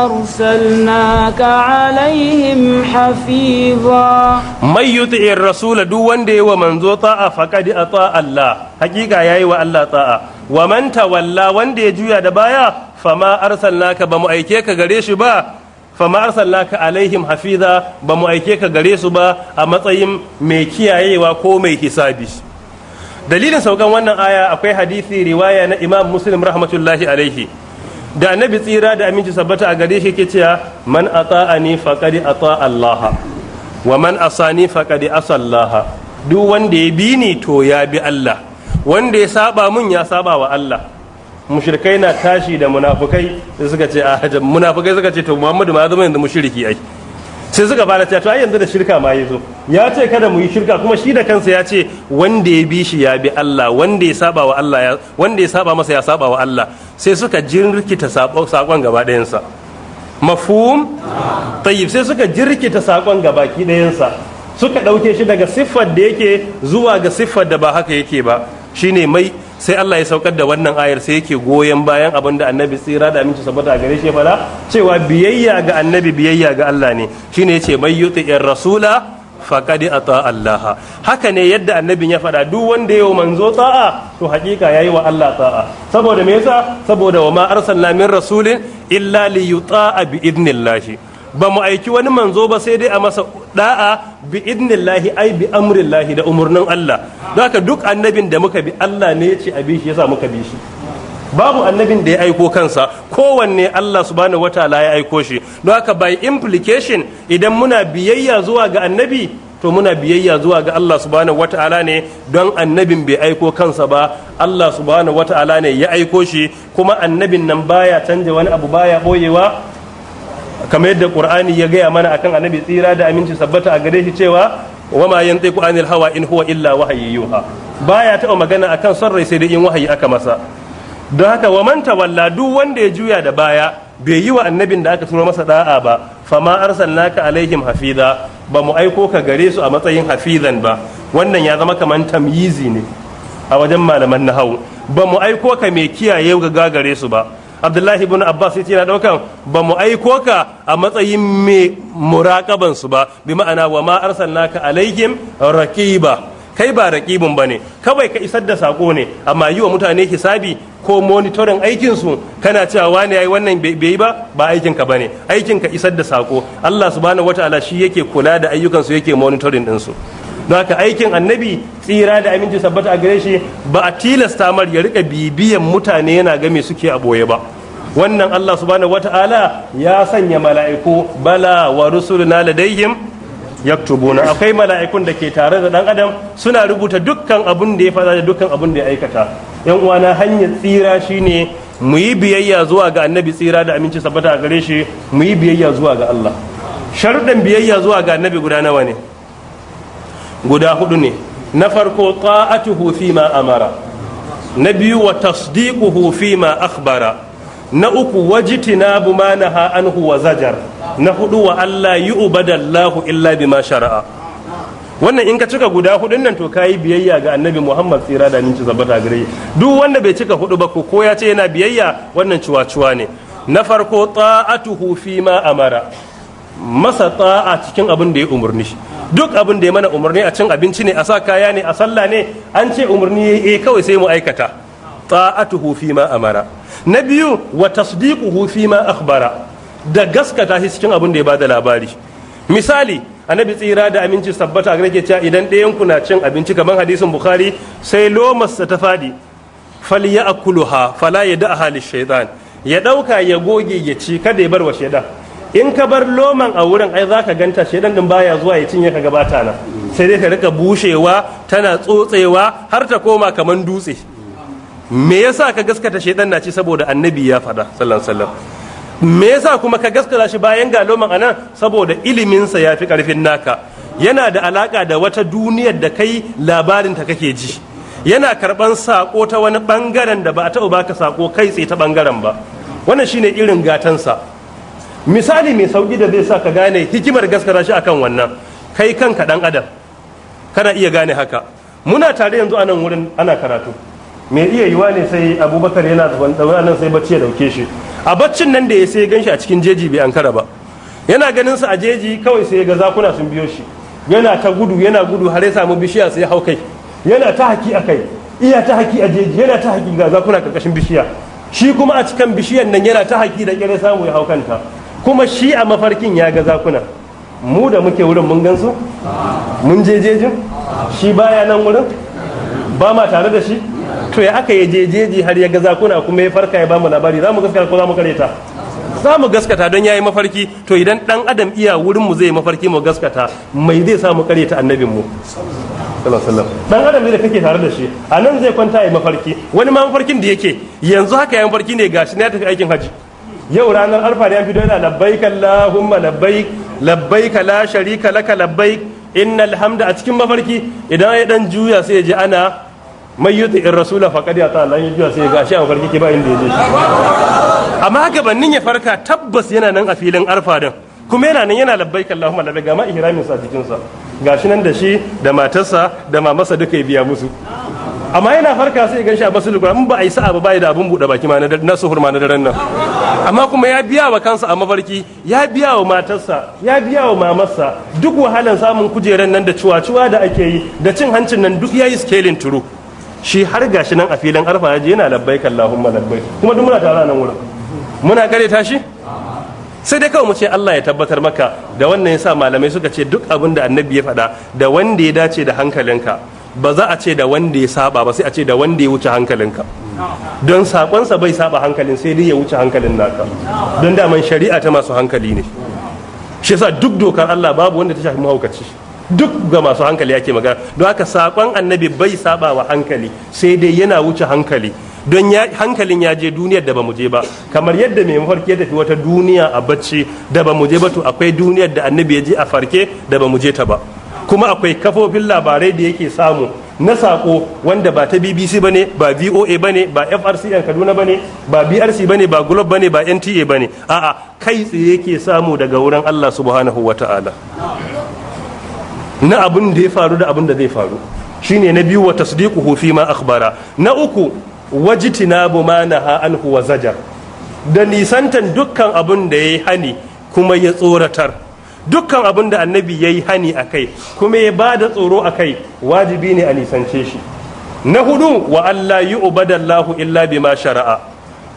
أرسلناك عليهم حفيظا من يطع الرسول دون دي ومن ذو طاعة فقد أطاع الله حقيقة يا والله طاعة ومن تولى وان دي جويا دبايا فما أرسلناك بمؤيكيك غريش با fa ma arsalnaka alaihim hafiza ba mu aike ka gare su ba a matsayin mai kiyayewa ko mai hisabi dalilin saukan wannan aya akwai hadisi riwaya na imam muslim rahmatullahi alaihi da annabi tsira da aminci sabbata a gare shi ke cewa man ata'ani faqad ata Allah wa man asani faqad asallaha duk wanda ya bi ni to ya bi Allah wanda ya saba mun ya saba wa Allah mushrikai na tashi da munafukai sai suka ce a ah, munafukai suka ce to muhammadu ma zama yanzu mushriki ai sai suka fara cewa to ai yanzu da shirka ma yazo ya ce kada mu yi shirka kuma shi da kansa ya ce wanda ya bi shi ya bi Allah wanda ya saba wa Allah ya wanda ya saba masa ya saba wa Allah sai suka jirkita sakon gaba ɗayansa mafhum tayyib sai suka jirkita sakon gaba ki dayansa. suka ɗauke shi daga siffar da yake zuwa ga siffar da ba haka yake ba shine mai sai Allah ya saukar da wannan ayar sai yake goyon bayan abin da annabi tsira da aminci sabbata a gare shi cewa biyayya ga annabi biyayya ga Allah ne shine yace may yuti'ir rasula faqad ata Allah haka ne yadda annabin ya faɗa duk wanda yayi manzo ta'a to hakika yi wa Allah ta'a saboda me yasa saboda wa ma arsalna min rasulin illa ta'a bi idnillahi ba mu aiki wani manzo ba sai dai a masa da'a bi idnillahi ai bi amrillahi da umarnin Allah haka duk annabin da muka bi Allah ne ya ce a bi shi yasa muka bi shi babu annabin da ya aiko kansa kowanne Allah subhanahu wataala ya aiko shi don haka by implication idan muna biyayya zuwa ga annabi to muna biyayya zuwa ga Allah subhanahu wataala ne don annabin bai aiko kansa ba Allah subhanahu wataala ne ya aiko shi kuma annabin nan baya canja wani abu baya boyewa kamar yadda qur'ani ya gaya mana akan annabi tsira da aminci sabbata a gare shi cewa wa ma yantiqu anil hawa in huwa illa wahyi yuha baya taɓa magana akan son rai sai dai in wahayi aka masa don haka wa man tawalla duk wanda ya juya da baya bai yi wa annabin da aka turo masa da'a ba fa ma arsalnaka alaihim hafiza ba mu aiko ka gare su a matsayin hafizan ba wannan ya zama kamar tamyizi ne a wajen malaman nahawu ba mu aiko ka mai kiyaye ga gare su ba abdullahi ibn abbas yace na daukan ba mu aiko ka a matsayin mai muraqaban su ba bi ma'ana wa ma arsalnaka alaihim raqiba kai ba raƙibin bane ne kawai ka isar da sako ne amma yi wa mutane hisabi ko monitorin aikinsu kana cewa wani yayi wannan bai yi ba ba aikinka ba ne aikinka isar da sako. allah subhanahu wataala shi yake kula da ayyukan su yake monitorin su. don haka aikin annabi tsira da aminci sabbata a gare shi ba a tilasta mar ya rika bibiyan mutane yana game suke a boye ba wannan Allah subhanahu wata'ala ya sanya mala'iku bala wa rusuluna ladaihim yaktubuna akwai mala'ikun da ke tare da ɗan adam suna rubuta dukkan abun da ya faɗa da dukkan abun da ya aikata yan uwana hanyar tsira shine mu yi biyayya zuwa ga annabi tsira da aminci sabata a gare shi mu yi biyayya zuwa ga Allah sharuɗan biyayya zuwa ga annabi guda nawa ne guda hudu ne na farko ta'atuhu fi ma amara na biyu wa tasdiquhu fi ma akhbara na uku wajitina bu ma ha anhu wa zajar na hudu wa Allah yi ubadallahu illa bi ma shara'a wannan in ka cika guda hudun nan to kayi biyayya ga annabi Muhammad tsira da ninci zabata gare duk wanda bai cika hudu ba ko ya ce yana biyayya wannan ciwa-ciwa ne na farko ta'atuhu fi ma amara masa ta'a cikin abin da ya umarni shi duk abin da ya mana umarni a cin abinci ne a sa kaya ne a sallah ne an ce umarni eh kawai sai mu aikata ta'atuhu fi ma amara na biyu wa tasdiquhu fi ma akhbara da gaskata shi cikin abin da ya bada labari misali annabi tsira da aminci sabbata a nake cewa idan ɗayan ku na cin abinci kamar hadisin bukhari sai lomarsa ta fadi falya akuluha fala ya da shaytan shaiɗan ya ɗauka ya goge ya ci kada ya bar wa shaitan in ka bar loman a wurin ai zaka ganta shaitan din baya zuwa ya cinye ka gabata na sai dai ka rika bushewa tana tsotsewa har ta koma kamar dutse me yasa ka gaskata shaidan na ci saboda annabi ya fada sallallahu alaihi wasallam me yasa kuma ka gaskata shi bayan ga loman anan saboda iliminsa ya fi karfin naka yana da alaka da wata duniyar da kai labarin ta kake ji yana karban sako ta wani bangaren da ba a taɓa baka sako kai tsaye ta bangaren ba wannan shine irin gatansa misali mai sauki da zai sa ka gane hikimar gaskata shi akan wannan kai kanka dan adam kana iya gane haka muna tare yanzu anan wurin ana karatu me iya yiwa ne sai abubakar yana zuwa ɗaura nan sai bacci ya dauke shi a baccin nan da ya sai ganshi a cikin jeji bai ankara ba yana ganin sa a jeji kawai sai ga zakuna sun biyo shi yana ta gudu yana gudu har ya samu bishiya sai hau kai yana ta haki a kai iya ta haki a jeji yana ta haki ga zakuna karkashin bishiya shi kuma a cikin bishiyan nan yana ta haki da kire samu ya haukanta kuma shi a mafarkin ya ga zakuna mu da muke wurin mun gan su mun je jejin shi baya nan wurin ba ma tare da shi to ya aka yaje jeji har ya gaza kuna kuma ya farka ya bamu labari mu gaskata ko za mu kareta mu gaskata don yayi mafarki to idan dan adam iya wurin mu zai mafarki mu gaskata mai zai sa mu kareta annabin mu dan adam ne da kake tare da shi a nan zai kwanta ya mafarki wani ma mafarkin da yake yanzu haka ya mafarki ne gashi na tafi aikin haji yau ranar alfa ne an fito yana labbaik allahumma labbaik labbaik la sharika laka labbaik innal hamda a cikin mafarki idan ya dan juya sai ya ji ana mai yi in rasula faƙad ya ta'ala ya juwa sai ga shi a farki ke ba inda ya je amma gabanin ya farka tabbas yana nan a filin arfa kuma yana nan yana labbaika Allahumma labbaik ga ma sa jikin sa shi nan da shi da matarsa da mamarsa duka ya biya musu amma yana farka sai gan shi a basul in ba a yi sa'a ba bai da abun buɗe baki na suhur ma na daren nan amma kuma ya biya wa kansa a mafarki ya biya wa matarsa ya biya wa mamarsa duk wahalan samun kujeran nan da cuwa cuwa da ake yi da cin hancin nan duk ya yi scaling turu shi har gashi nan a filin arfa ya je yana labbaik ma labbai kuma duk muna tare nan wurin muna kare shi sai dai kawai mu ce Allah ya tabbatar maka da wannan yasa malamai suka ce duk abin da annabi ya faɗa da wanda ya dace da hankalinka ba za a ce da wanda ya saba ba sai a ce da wanda ya wuce hankalinka don sakonsa bai saba hankalin sai dai ya wuce hankalin naka don daman shari'a ta masu hankali ne shi yasa duk dokar Allah babu wanda ta shafi mahaukaci duk ga masu hankali ake magana don haka sakon annabi bai saba wa hankali sai dai yana wuce hankali don hankalin ya je duniyar da ba mu je ba kamar yadda mai mafarki ya tafi wata duniya a bacci da ba mu je ba to akwai duniyar da annabi ya je a farke da ba mu je ta ba kuma akwai kafofin labarai da yake samu na sako wanda ba ta BBC bane ba VOA bane ba frc yan Kaduna bane ba BRC bane ba Globe bane ba NTA bane a'a kai tsaye yake samu daga wurin Allah subhanahu ta'ala na abin da ya faru da abin da zai faru Shi ne na biyu wa tasdiquhu fi ma akhbara na uku wajtinabu ma naha anhu wa zajar da nisantan dukkan abin da yayi hani kuma ya tsoratar dukkan abin da annabi yayi hani akai kuma ya ba da tsoro akai wajibi ne a nisance shi na hudu wa Allah yi ubadallahu illa bima shara'a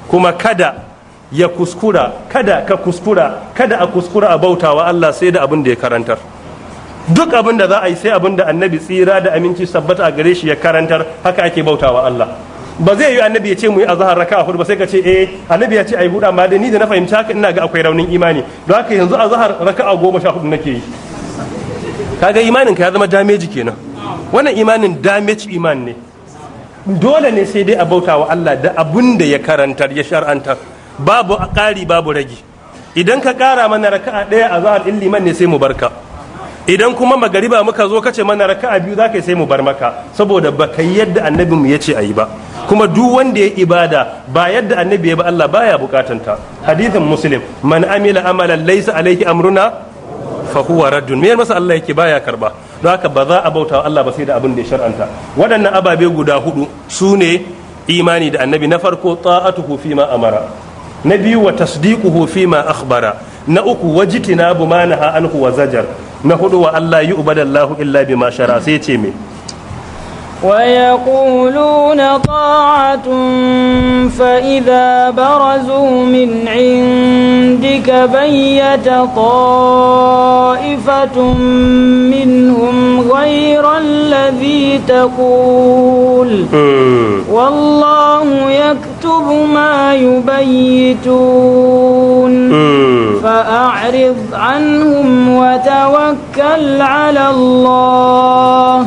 kuma kada ya kuskura kada ka kuskura kada a kuskura a bautawa Allah sai da abin da ya karantar duk abin da za a yi sai abin da annabi tsira da aminci sabbata a gare shi ya karantar haka ake bautawa Allah ba zai yi annabi ya ce mu yi azhar raka a hudu ba sai ka ce eh annabi ya ce ai huda amma dai ni da na fahimci haka ina ga akwai raunin imani don haka yanzu azhar raka a goma sha hudu nake yi kaga imanin ka ya zama dameji kenan wannan imanin damage iman ne dole ne sai dai a bautawa Allah da abun da ya karantar ya shar'anta babu ƙari babu ragi idan ka ƙara mana raka'a ɗaya a zahar in liman ne sai mu barka idan kuma magari magariba muka zo kace mana raka'a biyu za ka sai mu bar maka saboda ba kai yadda annabi mu yace ayi ba kuma duk wanda ya ibada ba yadda annabi ya ba Allah baya bukatan ta hadithin muslim man amila amalan laysa alayhi amruna fa huwa raddun me masa Allah yake baya karba don haka ba za a bauta Allah ba sai da abin da ya shar'anta waɗannan ababe guda hudu su ne imani da annabi na farko ta'atuhu fi ma amara na biyu wa tasdiquhu fi ma akhbara na uku wajitina ma naha anhu wa zajar na hudu wa Allah yi ubadallahu illa bi mashara sai ce me ويقولون طاعة فإذا برزوا من عندك بيت طائفة منهم غير الذي تقول والله يكفر يكتب ما يبيتون فأعرض عنهم وتوكل على الله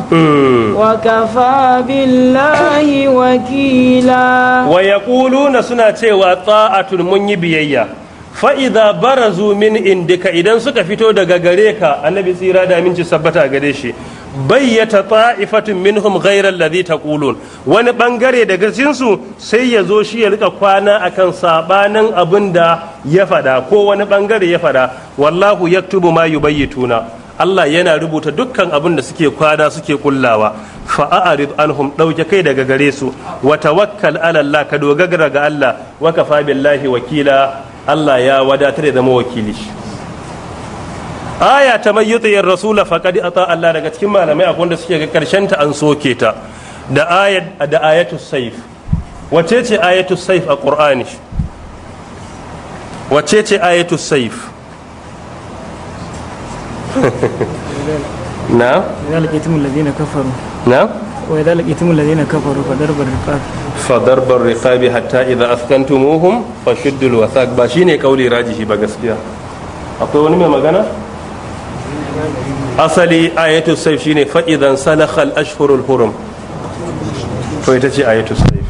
وكفى بالله وكيلا ويقولون سنة وطاعة المنيبية indika idan suka fito daga gare ka annabi tsira da aminci sabbata gare shi bayyata ta'ifatun minhum ghairal ladhi taqulun wani bangare daga cinsu sai ya zo shi ya rika kwana akan sabanin abin da ya fada ko wani bangare ya fada wallahu yaktubu ma yubayituna Allah yana rubuta dukkan abin da suke kwana suke kullawa a'rid anhum dauke kai daga gare su wa tawakkal ala Allah ka dogara ga Allah wa kafa billahi wakila Allah ya wadatar da mawakili aya ta mai yutiyar rasula a ata Allah daga cikin malamai akwai wanda suke ga karshen ta an soke ta da ayat da ayatu sayf wace ce ayatu sayf a qur'ani wace ce ayatu sayf *laughs* na zalikitum alladhina kafaru na وإذا لقيتم الذين كفروا hatta idan askantu الرقاب حتى إذا أثخنتموهم فشدوا الوثاق باشيني قولي راجه بغسكيا أقول ونمي magana. asali ayatul saif shine fa idan salakhal ashhurul hurum to ita ce ayatul saif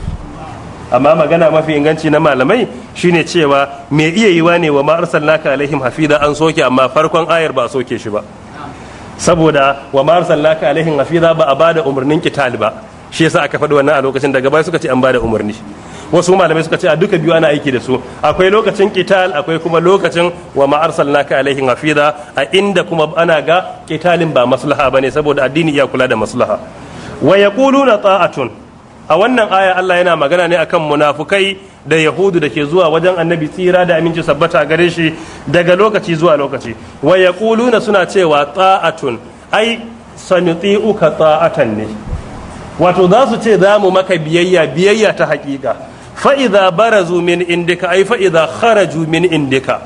amma magana mafi inganci na malamai shine cewa me iya yiwa ne wa ma arsalnaka alaihim hafiza an soke amma farkon ayar ba soke shi ba saboda wa ma arsalnaka alaihim hafiza ba a bada umarnin kital ba shi yasa aka faɗi wannan a lokacin daga baya suka ce an bada umarni wasu malamai suka ce a duka biyu ana aiki da su akwai lokacin kital akwai kuma lokacin wa ma ka alaihim hafiza a inda kuma ana ga ƙitalin ba maslaha bane saboda addini ya kula da maslaha wa yaquluna ta'atun a wannan aya Allah yana magana ne akan munafukai da yahudu da ke zuwa wajen annabi tsira da aminci sabbata gare shi daga lokaci zuwa lokaci wa yaquluna suna cewa ta'atun ai sanuti'uka ta'atan ne wato za su ce za mu maka biyayya biyayya ta hakika fa'iza barazu min indika ai fa'iza kharaju min indika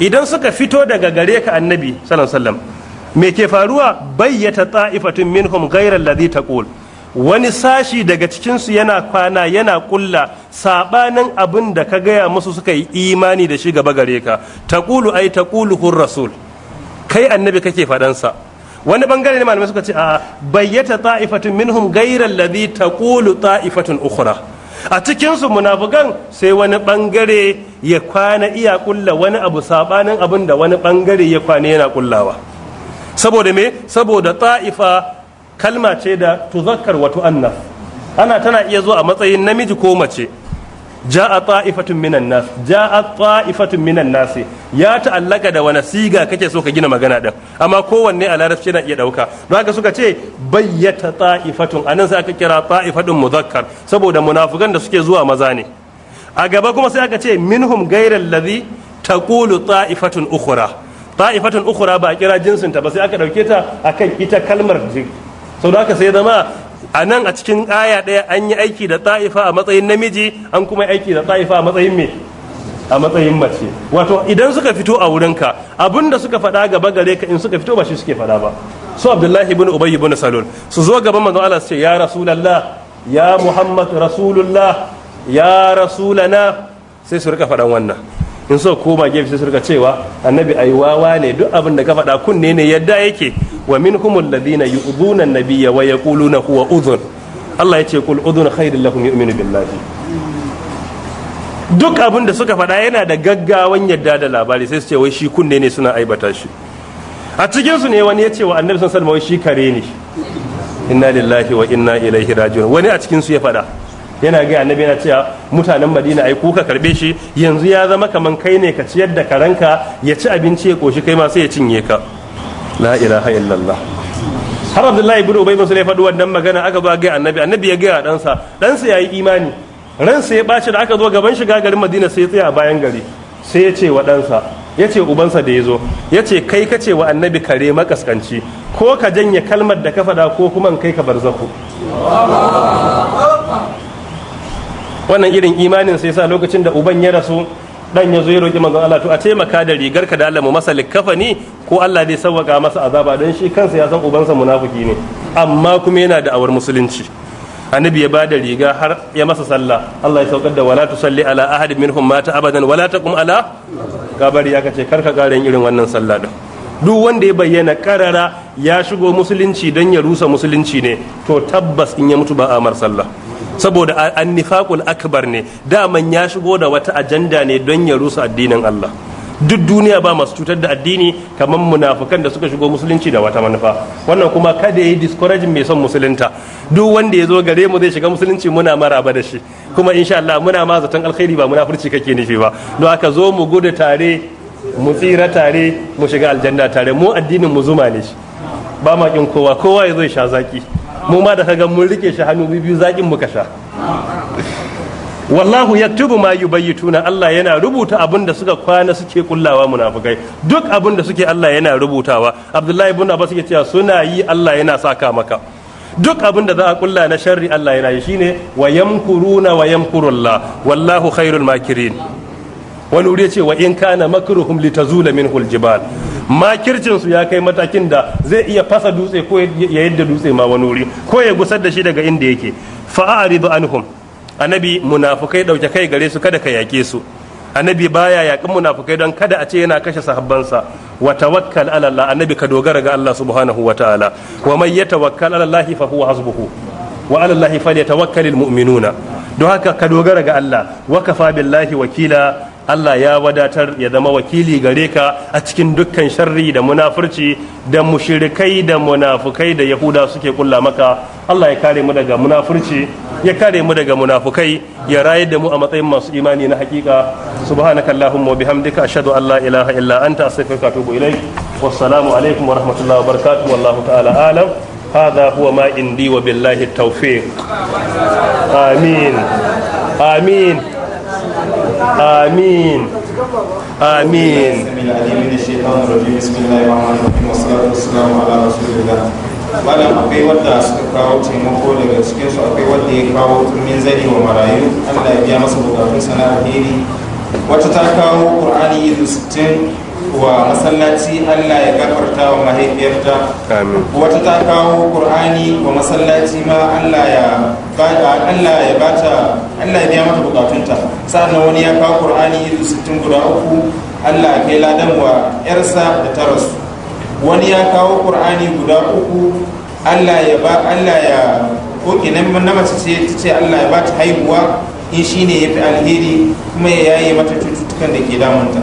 idan suka fito daga gare ka annabi sallallahu me ke faruwa bayyata ta'ifatun minhum ghairal ladhi taqul wani sashi daga cikinsu yana kwana yana kulla sabanin abin da ka gaya musu suka yi imani da shi gaba gare ka taqulu ai taquluhur rasul kai annabi kake fadansa wani bangare ne malamai suka ce a bayyata ta'ifatun minhum ghairal ladhi taqulu ta'ifatun ukhra a cikinsu munafukan sai wani bangare ya kwana iya kulla wani abu sabanin abin da wani bangare ya kwana yana kullawa saboda me saboda ta'ifa kalma ce da tuzakkar wato annaf ana tana iya zuwa a matsayin namiji ko mace ja'a ta'ifatun minan nas ta'ifatun minan nas ya ta'allaka da wani siga kake so ka gina magana din amma kowanne a larabci yana iya dauka don haka suka ce bayyata ta'ifatun anan sai aka kira ta'ifatun muzakkar saboda munafukan da suke zuwa maza ne a gaba kuma sai aka ce minhum ghairal ladhi taqulu ta'ifatun ukhra ta'ifatun ukhra ba a kira jinsin ta ba sai aka dauke ta akan ita kalmar sau da haka sai zama a nan a cikin aya ɗaya an yi aiki da ta'ifa a matsayin namiji an kuma aiki da ta'ifa a matsayin me a matsayin mace wato idan suka fito a wurinka abin da suka faɗa gaba gare ka in suka fito ba shi suke faɗa ba su abdullahi ibn ubayy ibn salul su zo gaba manzo Allah su ce ya rasulullah ya muhammad rasulullah ya rasulana sai su rika faɗan wannan in so koma gefe sai cewa annabi ai wawa ne duk abin da ka faɗa kunne ne yadda yake wa minhumul yi yu'dhuna an-nabiyya wa yaquluna huwa udhun Allah ya ce kul udhun khairul lakum yu'minu billahi duk abin da suka faɗa yana da gaggawan yadda da labari sai su ce wai shi kunne ne suna aibata shi a cikin su ne wani ya ce wa annabi sallallahu alaihi wasallam shi kare ne inna lillahi wa inna ilaihi raji'un wani a cikin su ya faɗa yana ga annabi yana cewa mutanen madina ai kuka karbe shi yanzu ya zama kaman kai ne ka ciyar da karanka ya ci abinci ya koshi kai ma sai ya cinye ka la ilaha illallah har abdullahi ibn ubay bin sulay fadu wannan magana aka ba ga annabi annabi ya ga ɗansa ɗansa ya yi imani ransa ya baci da aka zo gaban shiga garin madina sai ya tsaya bayan gari sai ya ce wa ɗansa ya ce ubansa da ya zo ya ce kai ka ce wa annabi kare makaskanci ko ka janye kalmar da ka faɗa ko kuma kai ka barzaku wannan irin imanin sai sa lokacin da uban ya rasu dan ya zo ya roki manzon Allah to a taimaka da rigar ka da Allah mu masa likafani ko Allah zai sawwaka masa azaba dan shi kansa ya san ubansa munafiki ne amma kuma yana da awar musulunci annabi ya bada riga har ya masa sallah Allah ya saukar da wala tusalli ala ahadin minhum mata abadan wala taqum ala kabari ya kace karka garin irin wannan sallah din duk wanda ya bayyana karara ya shigo musulunci dan ya rusa musulunci ne to tabbas in ya mutu ba amar sallah saboda an nifaƙul akbar ne daman ya shigo da wata ajanda ne don ya rusa addinin Allah duk duniya ba masu cutar da addini kamar munafukan da suka shigo musulunci da wata manufa wannan kuma kada yi discouraging mai son musulunta duk wanda ya zo gare mu zai shiga musulunci muna maraba da shi kuma insha Allah muna ma zaton alkhairi ba munafurci kake nufi ba don aka zo mu gudu tare mu tsira tare mu shiga aljanna tare mu addinin mu zuma ne shi ba ma kowa kowa ya zo ya sha zaki mu ma da kaga mun rike shi hannu biyu zakin muka sha wallahu yaktubu ma yubayyituna Allah yana rubuta abin da suka kwana suke kullawa munafikai duk abin da suke Allah yana rubutawa Abdullahi ibn Abbas yake cewa suna yi Allah yana saka maka duk abin da za a kulla na sharri Allah yana yi shine wa yamkuruna wa yamkurullah wallahu khairul makirin wani wuri ce wa in kana makruhum litazula minhul jibal makircin su ya kai matakin da zai iya fasa dutse ko ya yadda dutse ma wani wuri ko ya gusar da shi daga inda yake fa a'ridu anhum annabi munafukai dauke kai gare su kada ka yake su annabi baya yakin munafukai don kada a ce yana kashe sahabbansa wa tawakkal ala Allah annabi ka dogara ga Allah subhanahu wa ta'ala wa man yatawakkal ala Allah fa huwa hasbuhu wa ala Allah falyatawakkalul mu'minuna don haka ka dogara ga Allah wa kafa billahi wakila Allah ya wadatar ya zama wakili gare ka a cikin dukkan sharri da munafurci da mushirikai da munafukai da yahuda suke kulla maka Allah ya kare mu daga munafurci ya kare mu daga munafukai ya raye da mu a matsayin masu imani na hakika subhanakallahumma wa bihamdika ashhadu an la ilaha illa anta astaghfiruka wa atubu ilaik wassalamu alaikum wa rahmatullahi wa barakatuh wallahu ta'ala alam هذا هو ما عندي وبالله التوفيق Amin. Amin. آمين آمين بسم الله الرحمن الرحيم والصلاة والسلام على رسول الله akwai wadda suka kawo taimako daga cikinsu akwai wadda ya kawo turmin zari wa marayu allah biya masa bukatun sana'ar wata ta kawo ƙur'ani wa masallaci Allah ya gafarta wa mahaifiyarta wata ta kawo Qur'ani wa masallaci ma Allah ya Allah ya bata Allah ya biya mata bukatunta sannan wani ya kawo Qur'ani izu sittin guda uku Allah kai ladan wa yarsa da taras wani ya kawo Qur'ani guda uku Allah ya ba Allah ya ko kenan na mace ce ta ce Allah ya bata haihuwa in shine yafi alheri kuma ya yaye mata cututtukan da ke damunta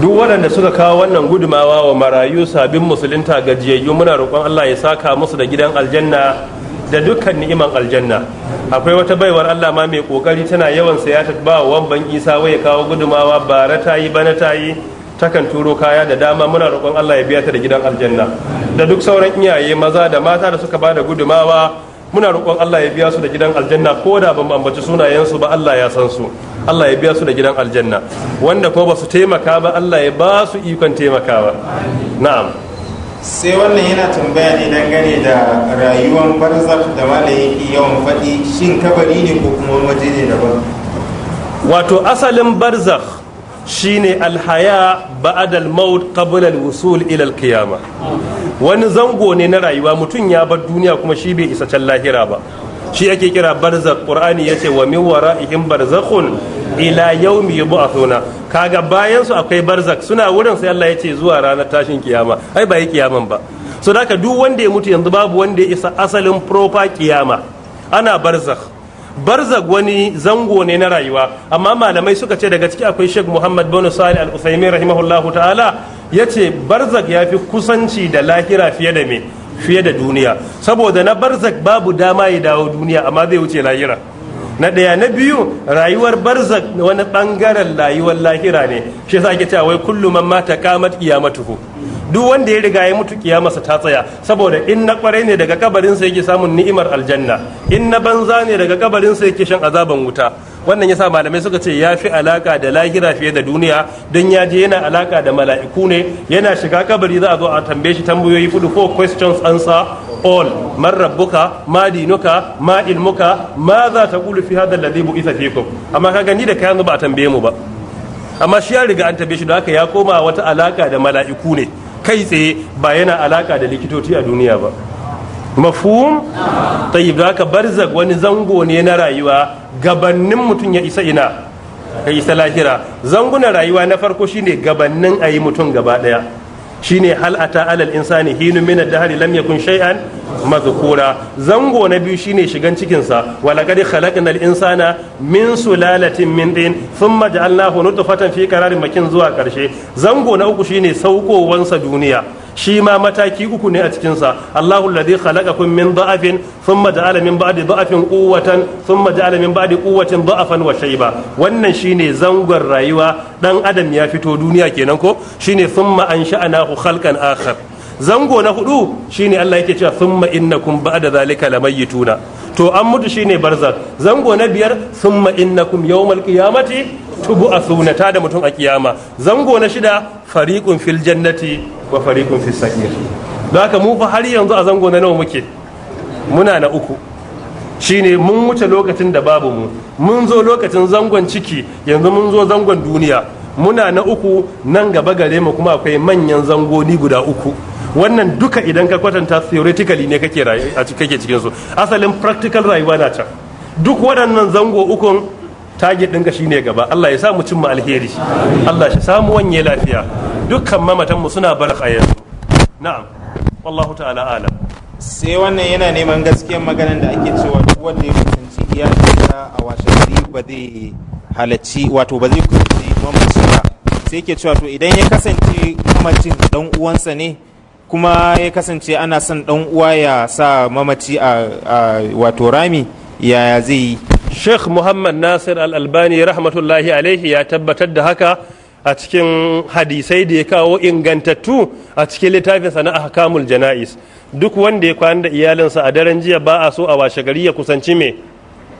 duk waɗanda suka kawo wannan gudumawa wa marayu sabbin musulunta gajiyayyu muna roƙon Allah ya saka musu da gidan aljanna da dukkan ni'iman aljanna akwai wata baiwar Allah ma mai kokari tana yawan saya ta ba wa wamban isa wai ya kawo gudumawa bara ta yi bana ta yi takan turo kaya da dama muna roƙon Allah ya biya ta da gidan aljanna da duk sauran iyaye maza da mata da suka bada gudumawa muna roƙon Allah ya biya su da gidan aljanna ko da ban ambaci sunayensu ba Allah ya san su Allah ya biya su da gidan aljanna wanda kuma ba su taimaka ba Allah ya ba su ikon taimakawa na'am sai wannan yana tambaya ne dangane da rayuwar barzak da mala yake yawan faɗi shin kabari ne ko kuma waje ne daban wato asalin barzak shine alhaya ba'adal maut qabla al-wusul ila al wani zango ne na rayuwa mutum ya bar duniya kuma shi bai isa can lahira ba shi ake kira barzak qur'ani yace wa min wara'ihim barzakhun ila yawmi yub'athuna kaga bayan su akwai barzak suna wurin sai Allah yace zuwa ranar tashin kiyama ai ba yi kiyaman ba so da duk wanda ya mutu yanzu babu wanda ya isa asalin proper kiyama ana barzak. barzak wani zango ne na rayuwa amma malamai suka ce daga ciki akwai sheikh muhammad bin salih al-usaimin rahimahullahu ta'ala yace barzak ya fi kusanci da lahira fiye da me fiye da duniya saboda na barzak babu dama ya dawo duniya amma zai wuce lahira na ɗaya na biyu rayuwar barzak wani ɓangaren rayuwar lahira ne shi sa ake cewa wai kullum man mata kiyamatu matuku. duk wanda ya riga ya mutu kiyamasa ta tsaya saboda in na kwarai ne daga kabarin sa yake samun ni'imar aljanna in na banza ne daga kabarin sa yake shan azaban wuta wannan yasa malamai suka ce ya fi alaka da lahira fiye da duniya don ya je yana alaka da mala'iku ne yana shiga kabari za a zo a tambaye shi tambayoyi fudu ko questions answer all man ma dinuka ma ilmuka ma za ta kulu fi hadha alladhi bu'itha fikum amma ka gani da kayan ba a tambaye mu ba amma shi ya riga an tambaye shi don haka ya koma wata alaka da mala'iku ne kai tsaye ba yana alaka da likitoci a duniya ba mafhum tayyib da haka barzak wani zango ne na rayuwa gabannin mutum ya isa ina ka isa lahira Zanguna rayuwa na farko shine gabannin a yi mutum gaba ɗaya shine hal ata alal insani hinu min ad-dahr lam yakun shay'an mazkura zango na biyu shine shigan cikin sa wa laqad khalaqnal insana min sulalatin min din thumma ja'alnahu nutfatan fi qararin makin zuwa karshe zango na uku shine saukowansa duniya shi ma mataki uku ne a cikinsa Allahu alladhi khalaqakum min da'afin thumma ja'ala min ba'di da'afin quwwatan thumma ja'ala min ba'di quwwatin da'afan wa shayba wannan shine zangon rayuwa dan adam ya fito duniya kenan ko shine thumma ansha'nahu khalqan akhar zango na hudu shine Allah yake cewa thumma innakum ba'da zalika lamayituna to an mutu shine barza zango na biyar summa innakum yawmal qiyamati tub'athuna ta da mutum a kiyama zango na shida fariqun fil jannati wa fariqun fis sa'ir haka mu fa har yanzu a zango na nawa muke muna na uku shine mun wuce lokacin da babu mu mun zo lokacin zangon ciki yanzu mun zo zangon duniya muna na uku nan gaba gare mu kuma akwai manyan zangoni guda uku wannan duka idan ka kwatanta theoretically ne kake a kake cikin su asalin practical rayuwa na can duk waɗannan zango ukun target ɗinka shine gaba Allah ya samu cimma alheri Allah shi samu wanye lafiya dukkan mamatan mu suna barak a yanzu na'am wallahu ta'ala alam sai wannan yana neman gaskiyar maganar da ake cewa duk wanda ya kusanci shiga a washe gari ba zai halarci wato ba zai kusanci mamaci ba sai ke cewa to idan ya kasance mamacin dan uwansa ne kuma ya kasance ana son ɗan uwa ya sa mamaci a wato rami yaya zai yi sheikh muhammad nasir al-albani rahmatullahi alaihi ya tabbatar da haka a cikin hadisai da ya kawo ingantattu a cikin littafinsa na ahkamul jana'is duk wanda ya kwana da iyalinsa a daren jiya ba a so a washe gari ya kusanci mai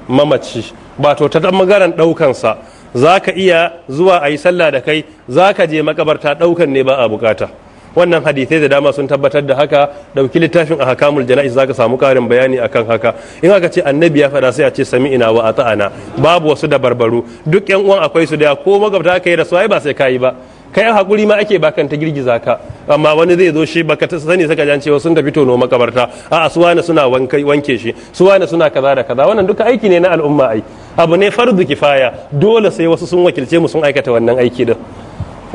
mamaci ba to ta bangaren ɗaukansa za ka iya zuwa a yi sallah da kai za ka je makabarta ɗaukan ne ba a bukata wannan hadisai da dama sun tabbatar da haka dauki littafin a ahkamul jana'iz zaka samu karin bayani akan haka in aka ce annabi ya faɗa sai a ce sami'ina wa ata'ana babu wasu da barbaru duk yan uwan akwai su da ko magabta kai da su ai ba sai kai ba kai hakuri ma ake bakan ta girgiza ka amma wani zai zo shi baka ta sani saka jan cewa sun tafi tono makabarta a su wani suna wanke shi su suna kaza da kaza wannan duka aiki ne na al'umma ai abu ne fardu kifaya dole sai wasu sun wakilce mu sun aikata wannan aiki din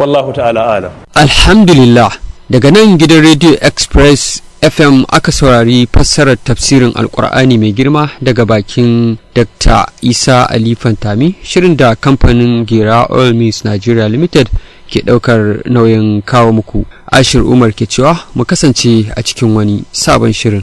wallahu ta'ala ala alhamdulillah daga nan gidan radio express fm aka saurari fassarar tafsirin alkur'ani mai girma daga bakin dr isa ali fantami shirin da kamfanin gera oil mills nigeria limited ke daukar nauyin kawo muku ashir umar ke cewa mu kasance a cikin wani sabon shirin